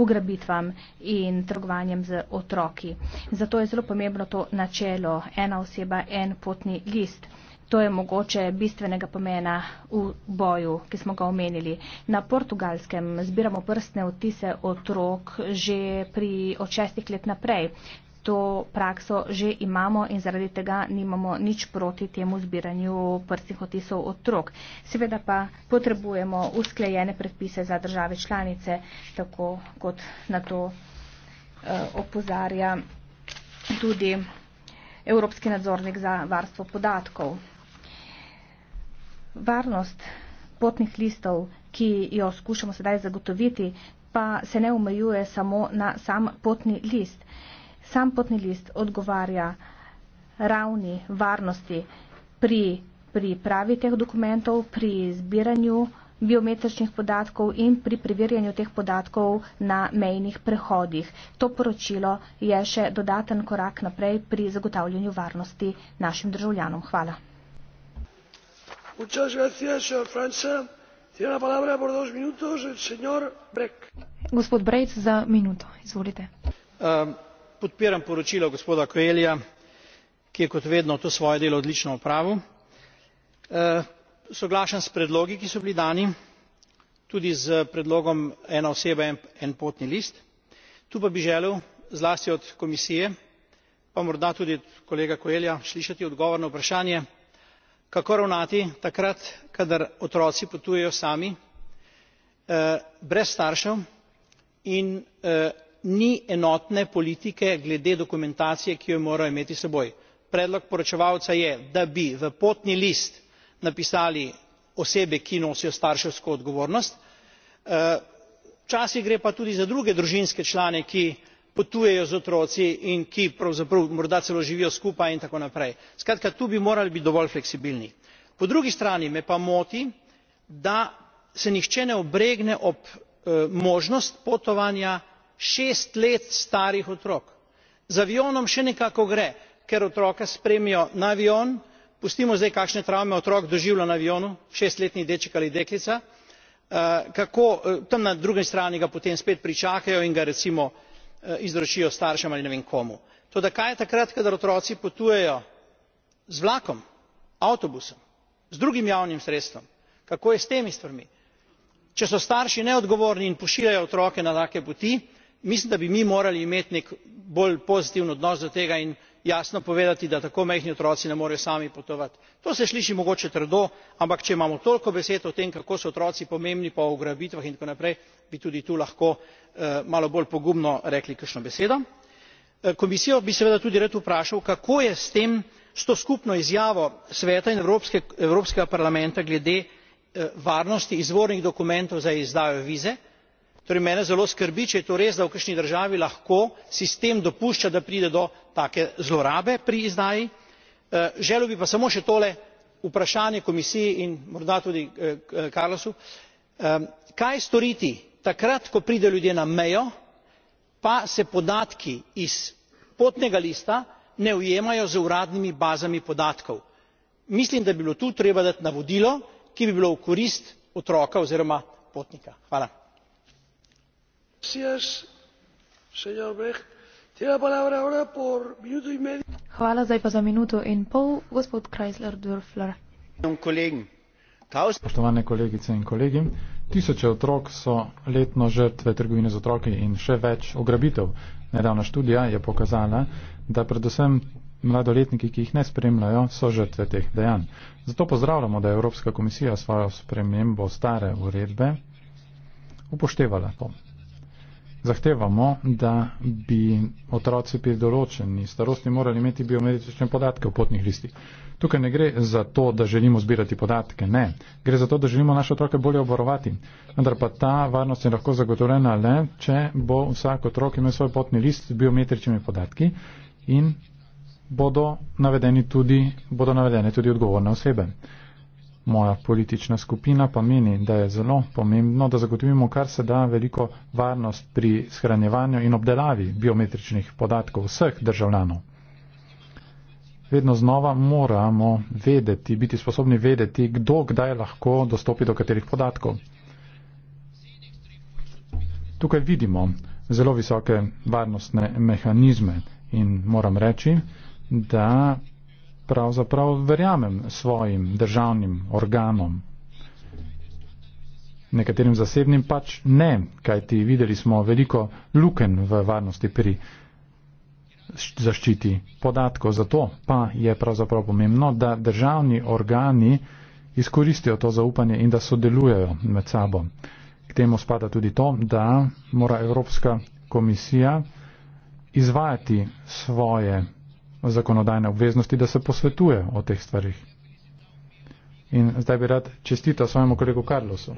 ugrabitvam in trgovanjem z otroki. Zato je zelo pomembno to načelo ena oseba, en potni list to je mogoče bistvenega pomena v boju, ki smo ga omenili. Na portugalskem zbiramo prstne odtise otrok že pri od šestih let naprej. To prakso že imamo in zaradi tega nimamo nič proti temu zbiranju prstnih otisov otrok. Seveda pa potrebujemo usklejene predpise za države članice, tako kot na to eh, opozarja tudi Evropski nadzornik za varstvo podatkov varnost potnih listov, ki jo skušamo sedaj zagotoviti, pa se ne omejuje samo na sam potni list. Sam potni list odgovarja ravni varnosti pri pripravi teh dokumentov, pri zbiranju biometričnih podatkov in pri preverjanju teh podatkov na mejnih prehodih. To poročilo je še dodaten korak naprej pri zagotavljanju varnosti našim državljanom. Hvala
podpiram poročilo gospoda coelha ki je kot vedno to svoje delo odlično opravil. E, soglašam s predlogi ki so bili dani tudi s predlogom ena oseba en potni list. tu pa bi želel zlasti od komisije pa morda tudi od kolega coelha slišati odgovor na vprašanje kako ravnati takrat kadar otroci potujejo sami eh, brez staršev in eh, ni enotne politike glede dokumentacije ki jo morajo imeti s seboj. predlog poročevalca je da bi v potni list napisali osebe ki nosijo starševsko odgovornost eh, včasih gre pa tudi za druge družinske člane ki potujejo z otroci in ki pravzaprav morda celo živijo skupaj in tako naprej. skratka tu bi morali biti dovolj fleksibilni. po drugi strani me pa moti da se nihče ne obregne ob eh, možnost potovanja šest let starih otrok. z avionom še nekako gre ker otroka spremijo na avion pustimo zdaj kakšne travme otrok doživlja na avionu šestletni deček ali deklica eh, kako eh, tam na drugi strani ga potem spet pričakajo in ga recimo Eh, izročijo staršem ali ne vem komu. toda kaj je takrat kadar otroci potujejo z vlakom avtobusom z drugim javnim sredstvom kako je s temi stvarmi? če so starši neodgovorni in pošiljajo otroke na take poti mislim da bi mi morali imeti nek bolj pozitiven odnos do tega in jasno povedati da tako majhni otroci ne morejo sami potovati. to se sliši mogoče trdo ampak če imamo toliko besed o tem kako so otroci pomembni pa o ugrabitvah in tako naprej bi tudi tu lahko eh, malo bolj pogumno rekli kakšno besedo. Eh, komisijo bi seveda tudi rad vprašal kako je s tem s to skupno izjavo sveta in evropskega parlamenta glede eh, varnosti izvornih dokumentov za izdajo vize torej mene zelo skrbi če je to res da v kakšni državi lahko sistem dopušča da pride do take zlorabe pri izdaji eh, želel bi pa samo še tole vprašanje komisiji in morda tudi carlsu eh, ehm, kaj storiti takrat ko pridejo ljudje na mejo pa se podatki iz potnega lista ne ujemajo z uradnimi bazami podatkov mislim da bi bilo tu treba dati navodilo ki bi bilo v korist otroka oziroma potnika
spoštovane kolegice in kolegi tisoče otrok so letno žrtve trgovine z otroki in še več ograbitev nedavna študija je pokazala da predvsem mladoletniki, ki jih ne spremljajo, so žrtve teh dejanj. Zato pozdravljamo, da je Evropska komisija svojo spremembo stare uredbe upoštevala to zahtevamo, da bi otroci pri določeni starosti morali imeti biometrične podatke v potnih listih. Tukaj ne gre za to, da želimo zbirati podatke, ne. Gre za to, da želimo naše otroke bolje obvarovati. Vendar pa ta varnost je lahko zagotovljena le, če bo vsak otrok imel svoj potni list z biometričnimi podatki in bodo navedene tudi, tudi odgovorne osebe. Moja politična skupina pa meni, da je zelo pomembno, da zagotovimo kar se da veliko varnost pri shranjevanju in obdelavi biometričnih podatkov vseh državljanov. Vedno znova moramo vedeti, biti sposobni vedeti, kdo kdaj lahko dostopi do katerih podatkov. Tukaj vidimo zelo visoke varnostne mehanizme in moram reči, da pravzaprav verjamem svojim državnim organom. Nekaterim zasebnim pač ne, kajti videli smo veliko luken v varnosti pri zaščiti podatkov. Zato pa je pravzaprav pomembno, da državni organi izkoristijo to zaupanje in da sodelujejo med sabo. K temu spada tudi to, da mora Evropska komisija izvajati svoje zakonodajne obveznosti, da se posvetuje o teh stvarih. In zdaj bi rad čestital svojemu kolegu Karlosu.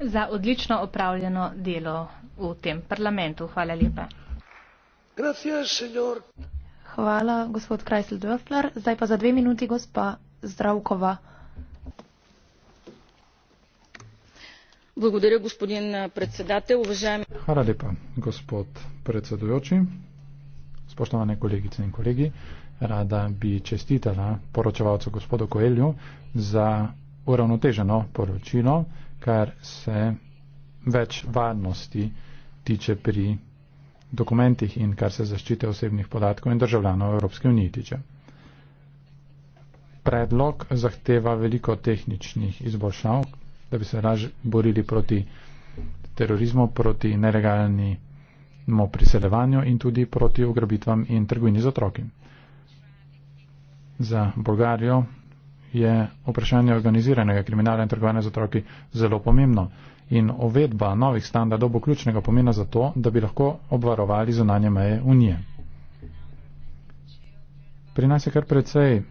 Za odlično opravljeno delo v tem parlamentu. Hvala lepa.
Hvala, gospod Krajsel Dörfler. Zdaj pa za dve minuti, gospa Zdravkova.
Благодаря, господин председател. Уважаеми...
Хара лепа, господ председуючи spoštovane kolegice in kolegi, rada bi čestitala poročevalcu gospodu Koelju za uravnoteženo poročilo, kar se več varnosti tiče pri dokumentih in kar se zaščite osebnih podatkov in državljanov Evropske unije tiče. Predlog zahteva veliko tehničnih izboljšav, da bi se raž borili proti terorizmu, proti nelegalni o priseljevanju in tudi proti ugrabitvam in trgovini z otroki. Za Bolgarijo je vprašanje organiziranega kriminala in trgovanja z otroki zelo pomembno in uvedba novih standardov bo ključnega pomena za to, da bi lahko obvarovali zunanje meje Unije. Pri nas je kar precej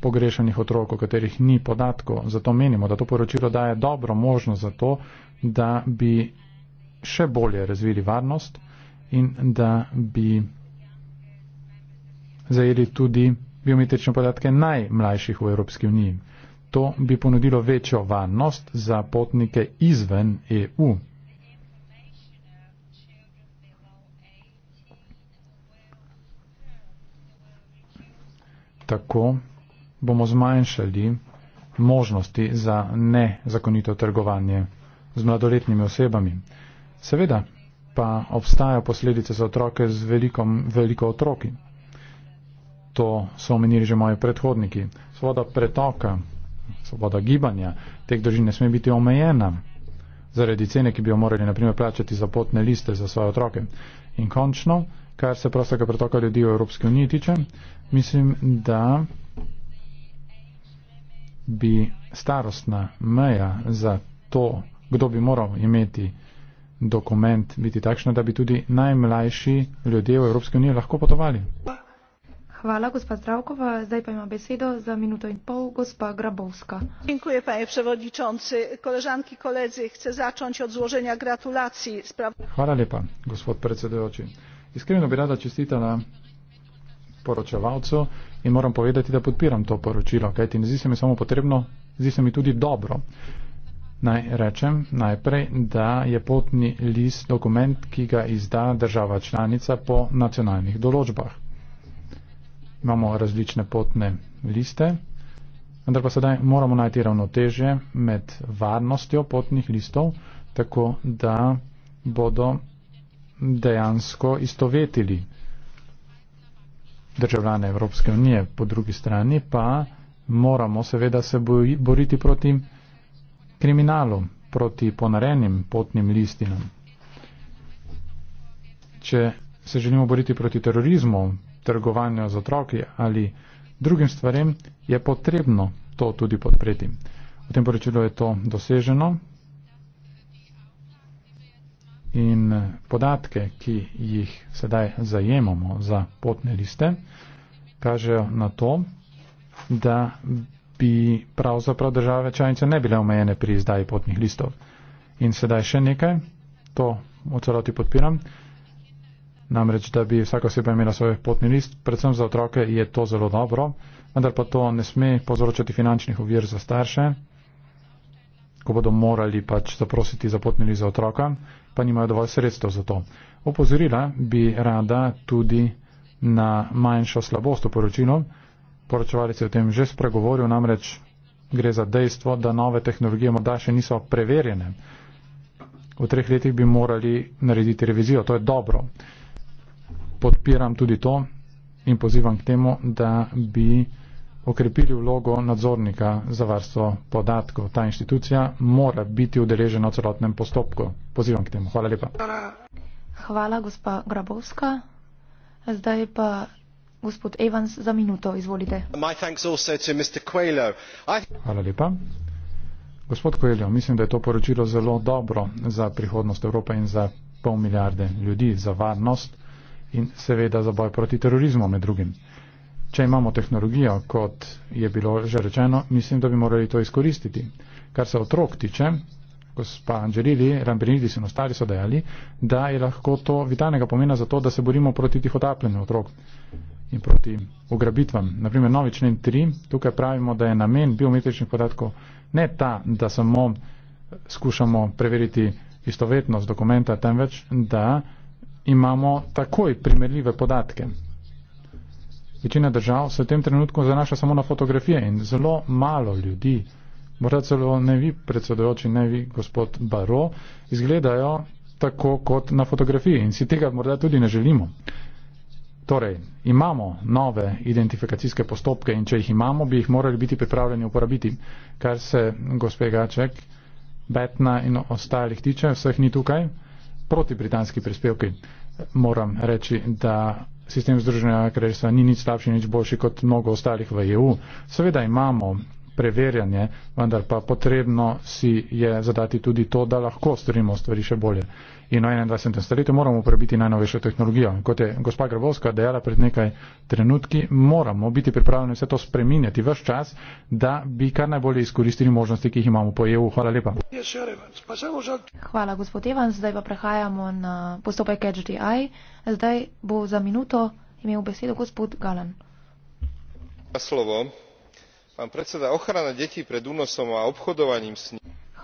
pogrešanih otrok, o katerih ni podatkov, zato menimo, da to poročilo daje dobro možnost za to, da bi še bolje razvili varnost in da bi zajeli tudi biometrične podatke najmlajših v Evropski uniji. To bi ponudilo večjo varnost za potnike izven EU. Tako bomo zmanjšali možnosti za nezakonito trgovanje z mladoletnimi osebami. Seveda, pa obstajajo posledice za otroke z veliko, veliko otroki. To so omenili že moji predhodniki. Svoboda pretoka, svoboda gibanja teh držin ne sme biti omejena zaradi cene, ki bi jo morali naprimer plačati za potne liste za svoje otroke. In končno, kar se prostega pretoka ljudi v Evropski uniji tiče, mislim, da bi starostna meja za to, kdo bi moral imeti dokument biti takšno, da bi tudi najmlajši ljudje v Evropski uniji lahko potovali.
Hvala, gospa Zdravkova. Zdaj pa ima besedo za minuto in pol gospa Grabovska.
Dziękuję, panie przewodniczący. Koleżanki, koledzy, chcę zacząć od złożenia gratulacji. Spraw...
Hvala lepa, gospod predsedujoči. Iskreno bi rada čestitala poročevalcu in moram povedati, da podpiram to poročilo, kajti ne zdi se mi samo potrebno, zdi se mi tudi dobro. Naj rečem najprej, da je potni list dokument, ki ga izda država članica po nacionalnih določbah. Imamo različne potne liste, vendar pa sedaj moramo najti ravnotežje med varnostjo potnih listov, tako da bodo dejansko istovetili državljane Evropske unije, po drugi strani pa moramo seveda se boriti proti kriminalu, proti ponarenim potnim listinam. Če se želimo boriti proti terorizmu, trgovanju z otroki ali drugim stvarem, je potrebno to tudi podpreti. V tem poročilu je to doseženo in podatke, ki jih sedaj zajemamo za potne liste, kažejo na to, da bi pravzaprav države članice ne bile omejene pri izdaji potnih listov. In sedaj še nekaj, to v celoti podpiram, namreč, da bi vsaka oseba imela svoj potni list, predvsem za otroke je to zelo dobro, vendar pa to ne sme povzročati finančnih ovir za starše, ko bodo morali pač zaprositi za potni list za otroka, pa nimajo dovolj sredstev za to. Opozorila bi rada tudi na manjšo slabost v poročilu, poročevalec je o tem že spregovoril, namreč gre za dejstvo, da nove tehnologije morda še niso preverjene. V treh letih bi morali narediti revizijo, to je dobro. Podpiram tudi to in pozivam k temu, da bi okrepili vlogo nadzornika za varstvo podatkov. Ta inštitucija mora biti udeležena v celotnem postopku. Pozivam k temu. Hvala lepa.
Hvala, gospa Grabovska. Zdaj pa Gospod Evans, za minuto, izvolite.
Hvala lepa.
Gospod Koeljo, mislim, da je to poročilo zelo dobro za prihodnost Evrope in za pol milijarde ljudi, za varnost in seveda za boj proti terorizmu med drugim. Če imamo tehnologijo, kot je bilo že rečeno, mislim, da bi morali to izkoristiti. Kar se otrok tiče, gospa Anželili, Rambrinidis in ostali so dejali, da je lahko to vitalnega pomena za to, da se borimo proti tih otapljenih otrok in proti ugrabitvam. Naprimer, novi člen 3, tukaj pravimo, da je namen biometričnih podatkov ne ta, da samo skušamo preveriti istovetnost dokumenta, temveč, da imamo takoj primerljive podatke. Večina držav se v tem trenutku zanaša samo na fotografije in zelo malo ljudi, morda celo ne vi predsedojoči, ne vi gospod Baro, izgledajo tako kot na fotografiji in si tega morda tudi ne želimo. Torej, imamo nove identifikacijske postopke in če jih imamo, bi jih morali biti pripravljeni uporabiti. Kar se gospe Gaček, Betna in ostalih tiče, vseh ni tukaj, proti britanski prispevki moram reči, da sistem združenja kraljestva ni nič slabši, nič boljši kot mnogo ostalih v EU. Seveda imamo preverjanje, vendar pa potrebno si je zadati tudi to, da lahko storimo stvari še bolje in v 21. stoletju moramo uporabiti najnovejšo tehnologijo. Kot je gospa Grabovska dejala pred nekaj trenutki, moramo biti pripravljeni vse to spreminjati vse čas, da bi kar najbolje izkoristili možnosti, ki jih imamo po EU. Hvala lepa.
Hvala, gospod Evan. Zdaj pa prehajamo na postopek HDI. Zdaj bo za minuto imel besedo gospod Galan.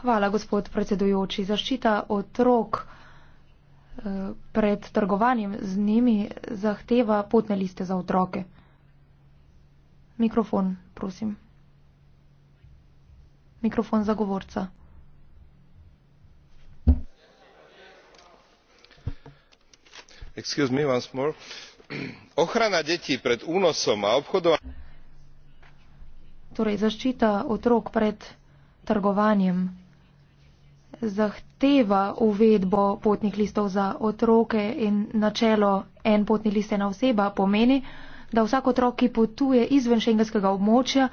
Hvala, gospod predsedujoči. Zaščita otrok pred trgovanjem z njimi zahteva potne liste za otroke. Mikrofon, prosim. Mikrofon za govorca.
Excuse me once more. Ohrana detí pred únosom a obchodovaním.
Torej zaščita otrok pred trgovanjem zahteva uvedbo potnih listov za otroke in načelo en potni list ena oseba pomeni, da vsak otrok, ki potuje izven šengenskega območja,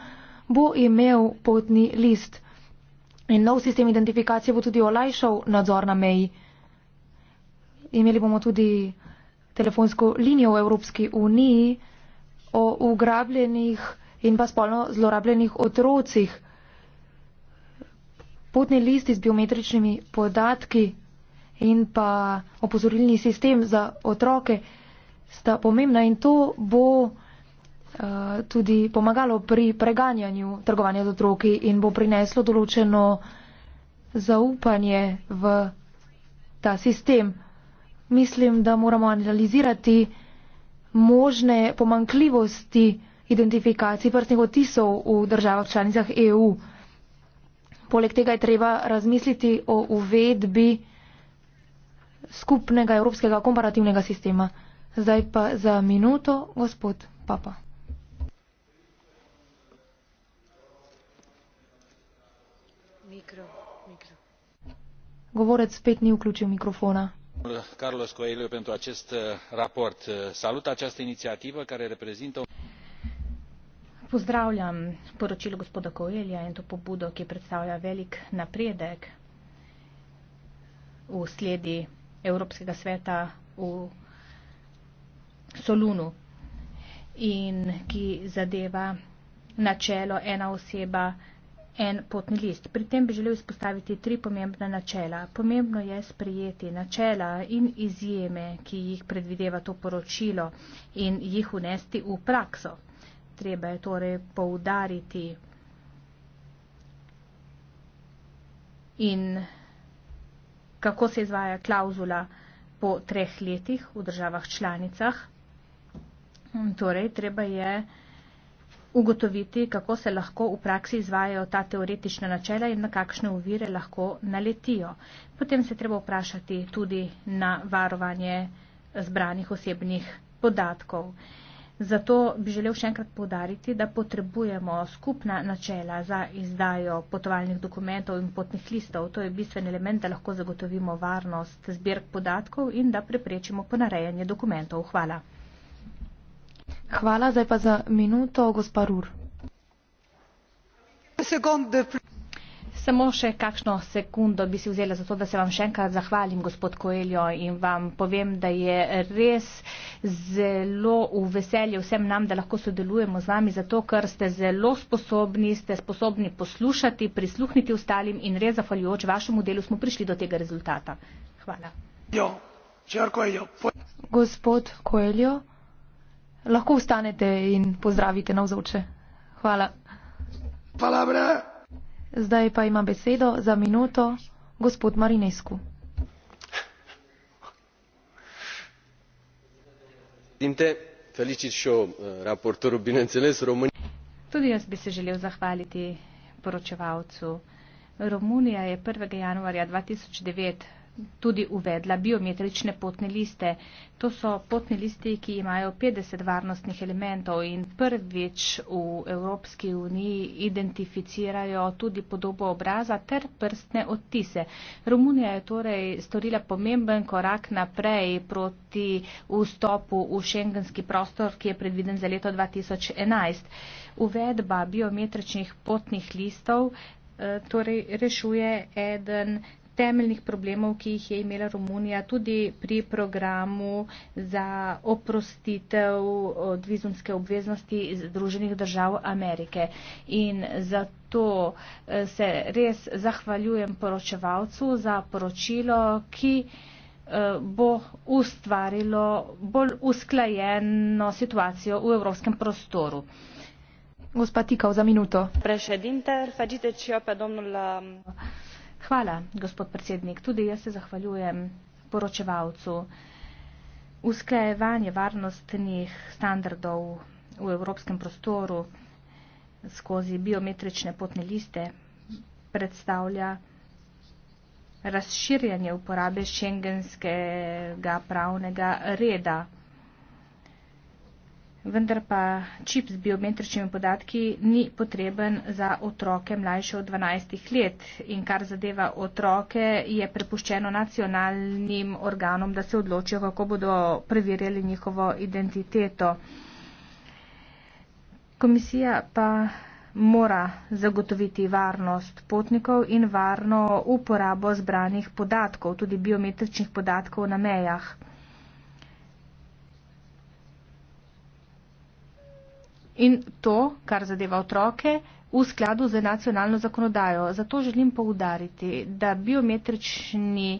bo imel potni list. In nov sistem identifikacije bo tudi olajšal nadzor na meji. Imeli bomo tudi telefonsko linijo v Evropski uniji o ugrabljenih in pa spolno zlorabljenih otrocih potni listi z biometričnimi podatki in pa opozorilni sistem za otroke sta pomembna in to bo uh, tudi pomagalo pri preganjanju trgovanja z otroki in bo prineslo določeno zaupanje v ta sistem. Mislim, da moramo analizirati možne pomankljivosti identifikacij prstnih otisov v državah članicah EU. Poleg tega je treba razmisliti o uvedbi skupnega evropskega komparativnega sistema. Zdaj pa za minuto, gospod Papa.
Mikro, mikro.
Govorec spet ni vključil mikrofona.
Carlos Coelho pentru acest eh, raport. Eh, salut această inițiativă care reprezintă.
Pozdravljam poročilo gospoda Koelja in to pobudo, ki predstavlja velik napredek v sledi Evropskega sveta v Solunu in ki zadeva načelo ena oseba, en potni list. Pri tem bi želel izpostaviti tri pomembna načela. Pomembno je sprejeti načela in izjeme, ki jih predvideva to poročilo in jih unesti v prakso treba je torej poudariti in kako se izvaja klauzula po treh letih v državah članicah. Torej, treba je ugotoviti, kako se lahko v praksi izvajajo ta teoretična načela in na kakšne uvire lahko naletijo. Potem se treba vprašati tudi na varovanje zbranih osebnih podatkov. Zato bi želel še enkrat povdariti, da potrebujemo skupna načela za izdajo potovalnih dokumentov in potnih listov. To je bistven element, da lahko zagotovimo varnost zbirk podatkov in da preprečimo ponarejanje dokumentov. Hvala.
Hvala, zdaj pa za minuto, gospa Rur.
Samo še kakšno sekundo bi si vzela za to, da se vam še enkrat zahvalim, gospod Koeljo, in vam povem, da je res zelo v veselje vsem nam, da lahko sodelujemo z vami, zato ker ste zelo sposobni, ste sposobni poslušati, prisluhniti ostalim in res zahvaljujoč vašemu delu smo prišli do tega rezultata. Hvala. Gospod Koeljo, lahko vstanete in pozdravite
navzoče. Hvala. Palabra. Zdaj pa ima besedo za minuto gospod Marinescu.
Uh,
Tudi jaz bi se želel zahvaliti poročevalcu. Romunija je 1. januarja 2009 tudi uvedla biometrične potne liste. To so potne listi, ki imajo 50 varnostnih elementov in prvič v Evropski uniji identificirajo tudi podobo obraza ter prstne odtise. Romunija je torej storila pomemben korak naprej proti vstopu v šengenski prostor, ki je predviden za leto 2011. Uvedba biometričnih potnih listov eh, torej rešuje eden temeljnih problemov, ki jih je imela Romunija tudi pri programu za oprostitev od vizumske obveznosti iz Združenih držav Amerike. In zato eh, se res zahvaljujem poročevalcu za poročilo, ki eh, bo ustvarilo bolj usklajeno situacijo v evropskem prostoru. Gospa Tikov, za minuto. Prešedinter, fađite čio pa domnul. Um... Hvala, gospod predsednik. Tudi jaz se zahvaljujem poročevalcu. Usklajevanje varnostnih standardov v evropskem prostoru skozi biometrične potne liste predstavlja razširjanje uporabe šengenskega pravnega reda vendar pa čip z biometričnimi podatki ni potreben za otroke mlajše od 12 let in kar zadeva otroke je prepuščeno nacionalnim organom, da se odločijo, kako bodo preverjali njihovo identiteto. Komisija pa mora zagotoviti varnost potnikov in varno uporabo zbranih podatkov, tudi biometričnih podatkov na mejah. in to, kar zadeva otroke, v skladu z nacionalno zakonodajo. Zato želim poudariti, da biometrični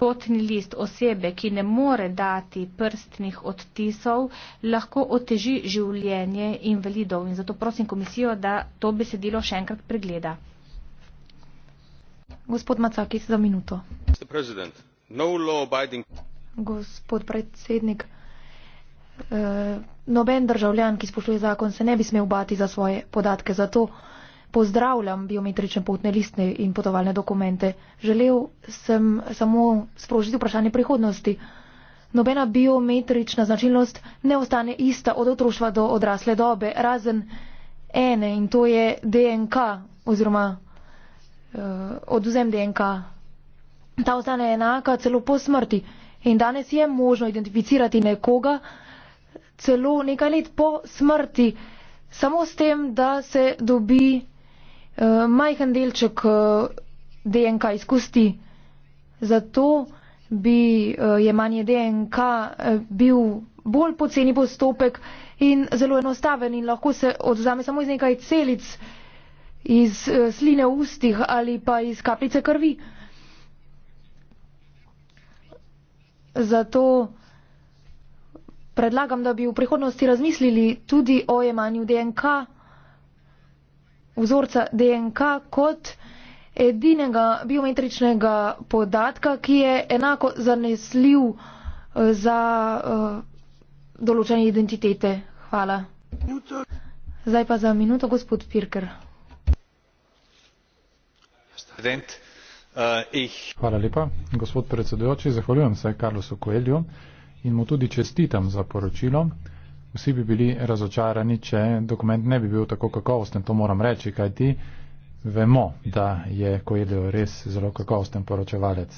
potni list osebe, ki ne more dati prstnih odtisov, lahko oteži življenje invalidov. In zato prosim komisijo, da to besedilo še enkrat pregleda. Gospod Macakis, za minuto.
No
Gospod predsednik. Eh, noben državljan, ki spoštuje zakon, se ne bi smel bati za svoje podatke. Zato pozdravljam biometrične potne listne in potovalne dokumente. Želel sem samo sprožiti vprašanje prihodnosti. Nobena biometrična značilnost ne ostane ista od otroštva do odrasle dobe, razen ene in to je DNK oziroma uh, eh, oduzem DNK. Ta ostane enaka celo po smrti in danes je možno identificirati nekoga, uh, celo nekaj let po smrti, samo s tem, da se dobi uh, majhen delček uh, eh, DNK izkusti. Zato bi uh, jemanje DNK uh, bil bolj poceni postopek in zelo enostaven in lahko se odzame samo iz nekaj celic, iz uh, sline v ustih ali pa iz kapljice krvi. Zato predlagam, da bi v prihodnosti razmislili tudi o jemanju DNK, vzorca DNK kot edinega biometričnega podatka, ki je enako zanesljiv eh, za uh, eh, določene identitete. Hvala. Zdaj pa za minuto, gospod Pirker.
Eh, Hvala lepa, gospod predsedujoči. Zahvaljujem se Karlosu Koelju in mu tudi čestitam za poročilo. Vsi bi bili razočarani, če dokument ne bi bil tako kakovosten, to moram reči, kaj ti vemo, da je Koeljo res zelo kakovosten poročevalec.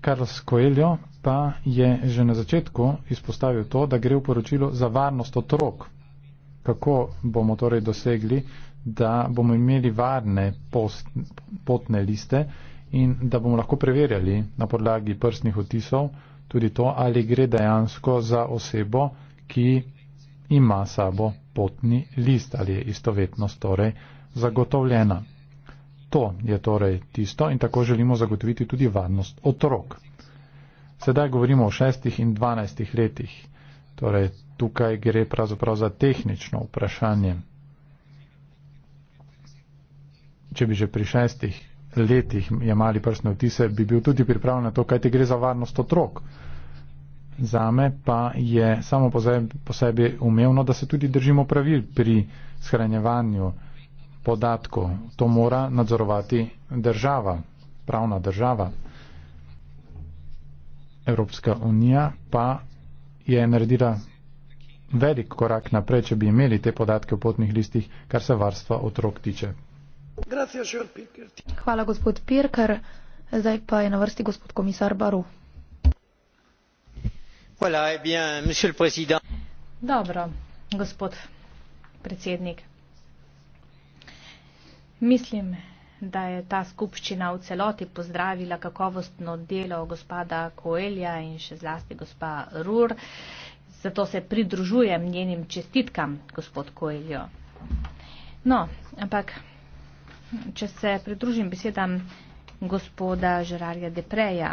Karls Koeljo pa je že na začetku izpostavil to, da gre v poročilo za varnost otrok. Kako bomo torej dosegli, da bomo imeli varne post, potne liste in da bomo lahko preverjali na podlagi prstnih otisov, tudi to, ali gre dejansko za osebo, ki ima sabo potni list, ali je istovetnost torej zagotovljena. To je torej tisto in tako želimo zagotoviti tudi varnost otrok. Sedaj govorimo o šestih in dvanajstih letih. Torej, tukaj gre pravzaprav za tehnično vprašanje. Če bi že pri šestih letih jemali prstne odtise, bi bil tudi pripravljen na to, kaj ti gre za varnost otrok. Za me pa je samo po sebi umevno, da se tudi držimo pravil pri shranjevanju podatkov. To mora nadzorovati država, pravna država. Evropska unija pa je naredila velik korak naprej, če bi imeli te podatke v potnih listih, kar se varstva otrok tiče.
Hvala,
gospod Pirker. Zdaj pa je na vrsti gospod komisar Baru.
Voilà, eh bien,
Dobro, gospod predsednik. Mislim, da je ta skupščina v celoti pozdravila kakovostno delo gospoda Koelja in še zlasti gospa Rur. Zato se pridružujem njenim čestitkam, gospod Koeljo. No, ampak Če se pridružim besedam gospoda Žerarja Depreja.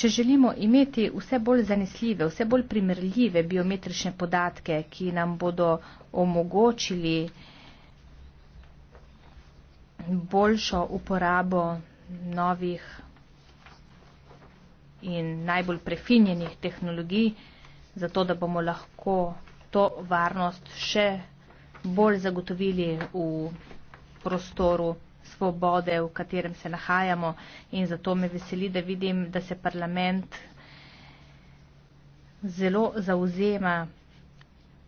Če želimo imeti vse bolj zanesljive, vse bolj primerljive biometrične podatke, ki nam bodo omogočili boljšo uporabo novih in najbolj prefinjenih tehnologij, zato da bomo lahko to varnost še bolj zagotovili v prostoru svobode, v katerem se nahajamo in zato me veseli, da vidim, da se parlament zelo zauzema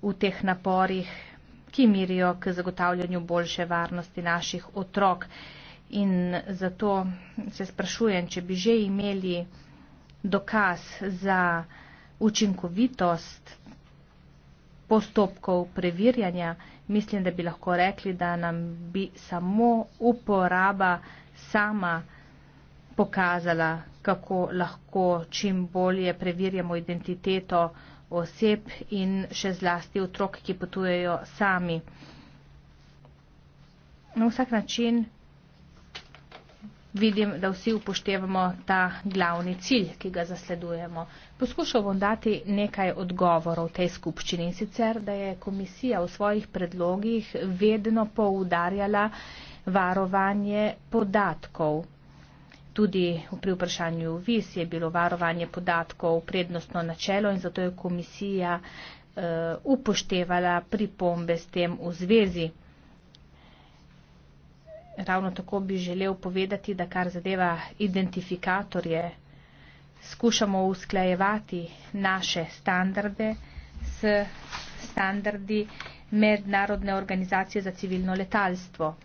v teh naporih, ki mirijo k zagotavljanju boljše varnosti naših otrok. In zato se sprašujem, če bi že imeli dokaz za učinkovitost postopkov preverjanja mislim, da bi lahko rekli, da nam bi samo uporaba sama pokazala, kako lahko čim bolje preverjamo identiteto oseb in še zlasti otrok, ki potujejo sami. Na vsak način vidim, da vsi upoštevamo ta glavni cilj, ki ga zasledujemo. Poskušal bom dati nekaj odgovorov tej skupščini in sicer, da je komisija v svojih predlogih vedno poudarjala varovanje podatkov. Tudi pri vprašanju vis je bilo varovanje podatkov prednostno načelo in zato je komisija uh, upoštevala pripombe s tem v zvezi. Ravno tako bi želel povedati, da kar zadeva identifikatorje skušamo usklajevati naše standarde s standardi Mednarodne organizacije za civilno letalstvo.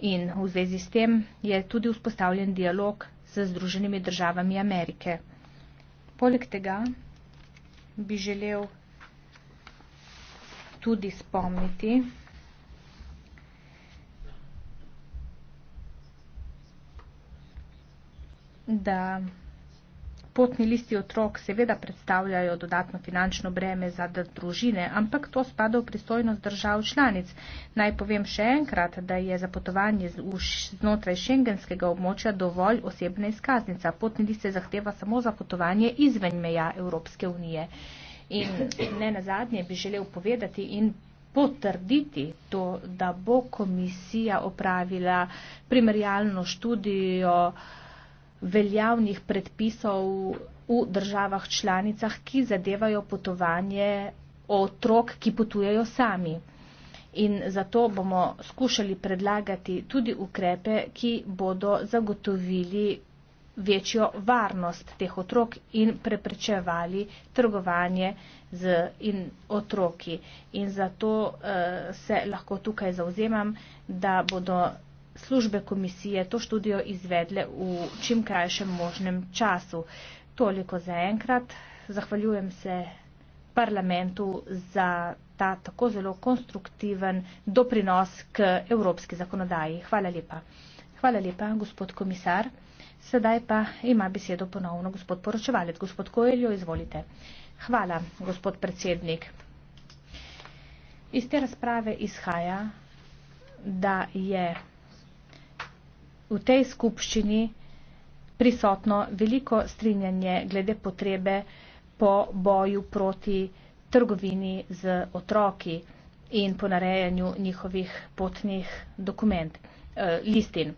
In v zvezi s tem je tudi vzpostavljen dialog z Združenimi državami Amerike. Poleg tega bi želel tudi spomniti, da potni listi otrok seveda predstavljajo dodatno finančno breme za družine, ampak to spada v pristojnost držav članic. Naj povem še enkrat, da je za potovanje znotraj šengenskega območja dovolj osebna izkaznica. Potni list se zahteva samo za potovanje izven meja Evropske unije. In ne nazadnje bi želel povedati in potrditi to, da bo komisija opravila primerjalno študijo uh, veljavnih predpisov v državah članicah, ki zadevajo potovanje otrok, ki potujejo sami. In zato bomo skušali predlagati tudi ukrepe, ki bodo zagotovili večjo varnost teh otrok in preprečevali trgovanje z in otroki. In zato uh, se lahko tukaj zauzemam, da bodo službe komisije to študijo izvedle v čim krajšem možnem času. Toliko za enkrat. Zahvaljujem se parlamentu za ta tako zelo konstruktiven doprinos k evropski zakonodaji. Hvala lepa. Hvala lepa, gospod komisar. Sedaj pa ima besedo ponovno gospod poročevalec. Gospod Kojeljo, izvolite. Hvala, gospod predsednik. Iz te razprave izhaja, da je v tej skupščini prisotno veliko strinjanje glede potrebe po boju proti trgovini z otroki in po narejanju njihovih potnih dokument, eh, listin.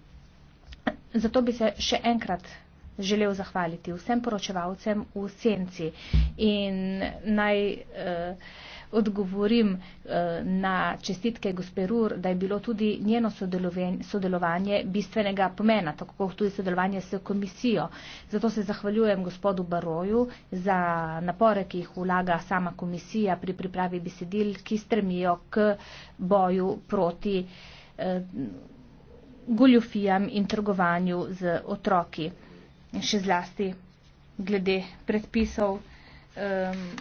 Zato bi se še enkrat želel zahvaliti vsem poročevalcem v senci in naj eh, odgovorim eh, na čestitke gospe Rur, da je bilo tudi njeno sodelovanje bistvenega pomena, tako kot tudi sodelovanje s komisijo. Zato se zahvaljujem gospodu Baroju za napore, ki jih vlaga sama komisija pri pripravi besedil, ki stremijo k boju proti eh, goljofijam in trgovanju z otroki, še zlasti glede predpisov. Um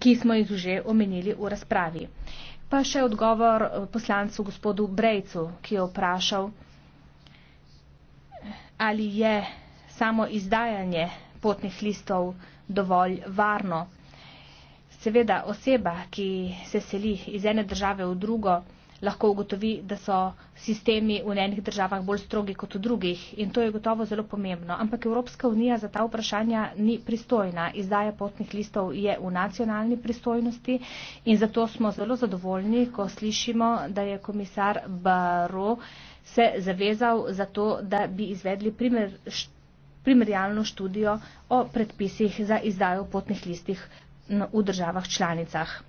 ki smo jih že omenili v razpravi. Pa še odgovor eh, poslancu gospodu Brejcu, ki je vprašal, ali je samo izdajanje potnih listov dovolj varno. Seveda oseba, ki se seli iz ene države v drugo, lahko ugotovi, da so sistemi v enih državah bolj strogi kot v drugih in to je gotovo zelo pomembno. Ampak Evropska unija za ta vprašanja ni pristojna. Izdaja potnih listov je v nacionalni pristojnosti in zato smo zelo zadovoljni, ko slišimo, da je komisar Baro se zavezal za to, da bi izvedli primer, primerjalno študijo o predpisih za izdajo potnih listih no, v državah članicah.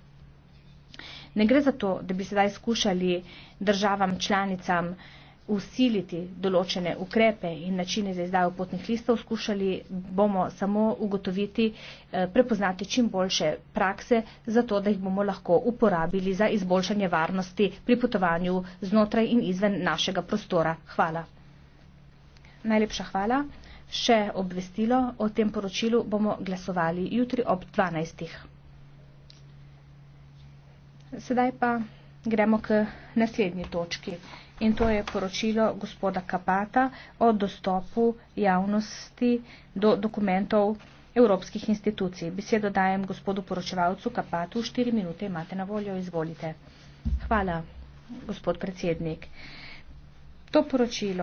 Ne gre za to, da bi sedaj skušali državam članicam usiliti določene ukrepe in načine za izdajo potnih listov, skušali bomo samo ugotoviti, eh, prepoznati čim boljše prakse, zato da jih bomo lahko uporabili za izboljšanje varnosti pri potovanju znotraj in izven našega prostora. Hvala. Najlepša hvala. Še obvestilo o tem poročilu bomo glasovali jutri ob 12. Sedaj pa gremo k naslednji točki in to je poročilo gospoda Kapata o dostopu javnosti do dokumentov evropskih institucij. Besedo dajem gospodu poročevalcu Kapatu, štiri minute imate na voljo, izvolite. Hvala, gospod predsednik. To poročilo.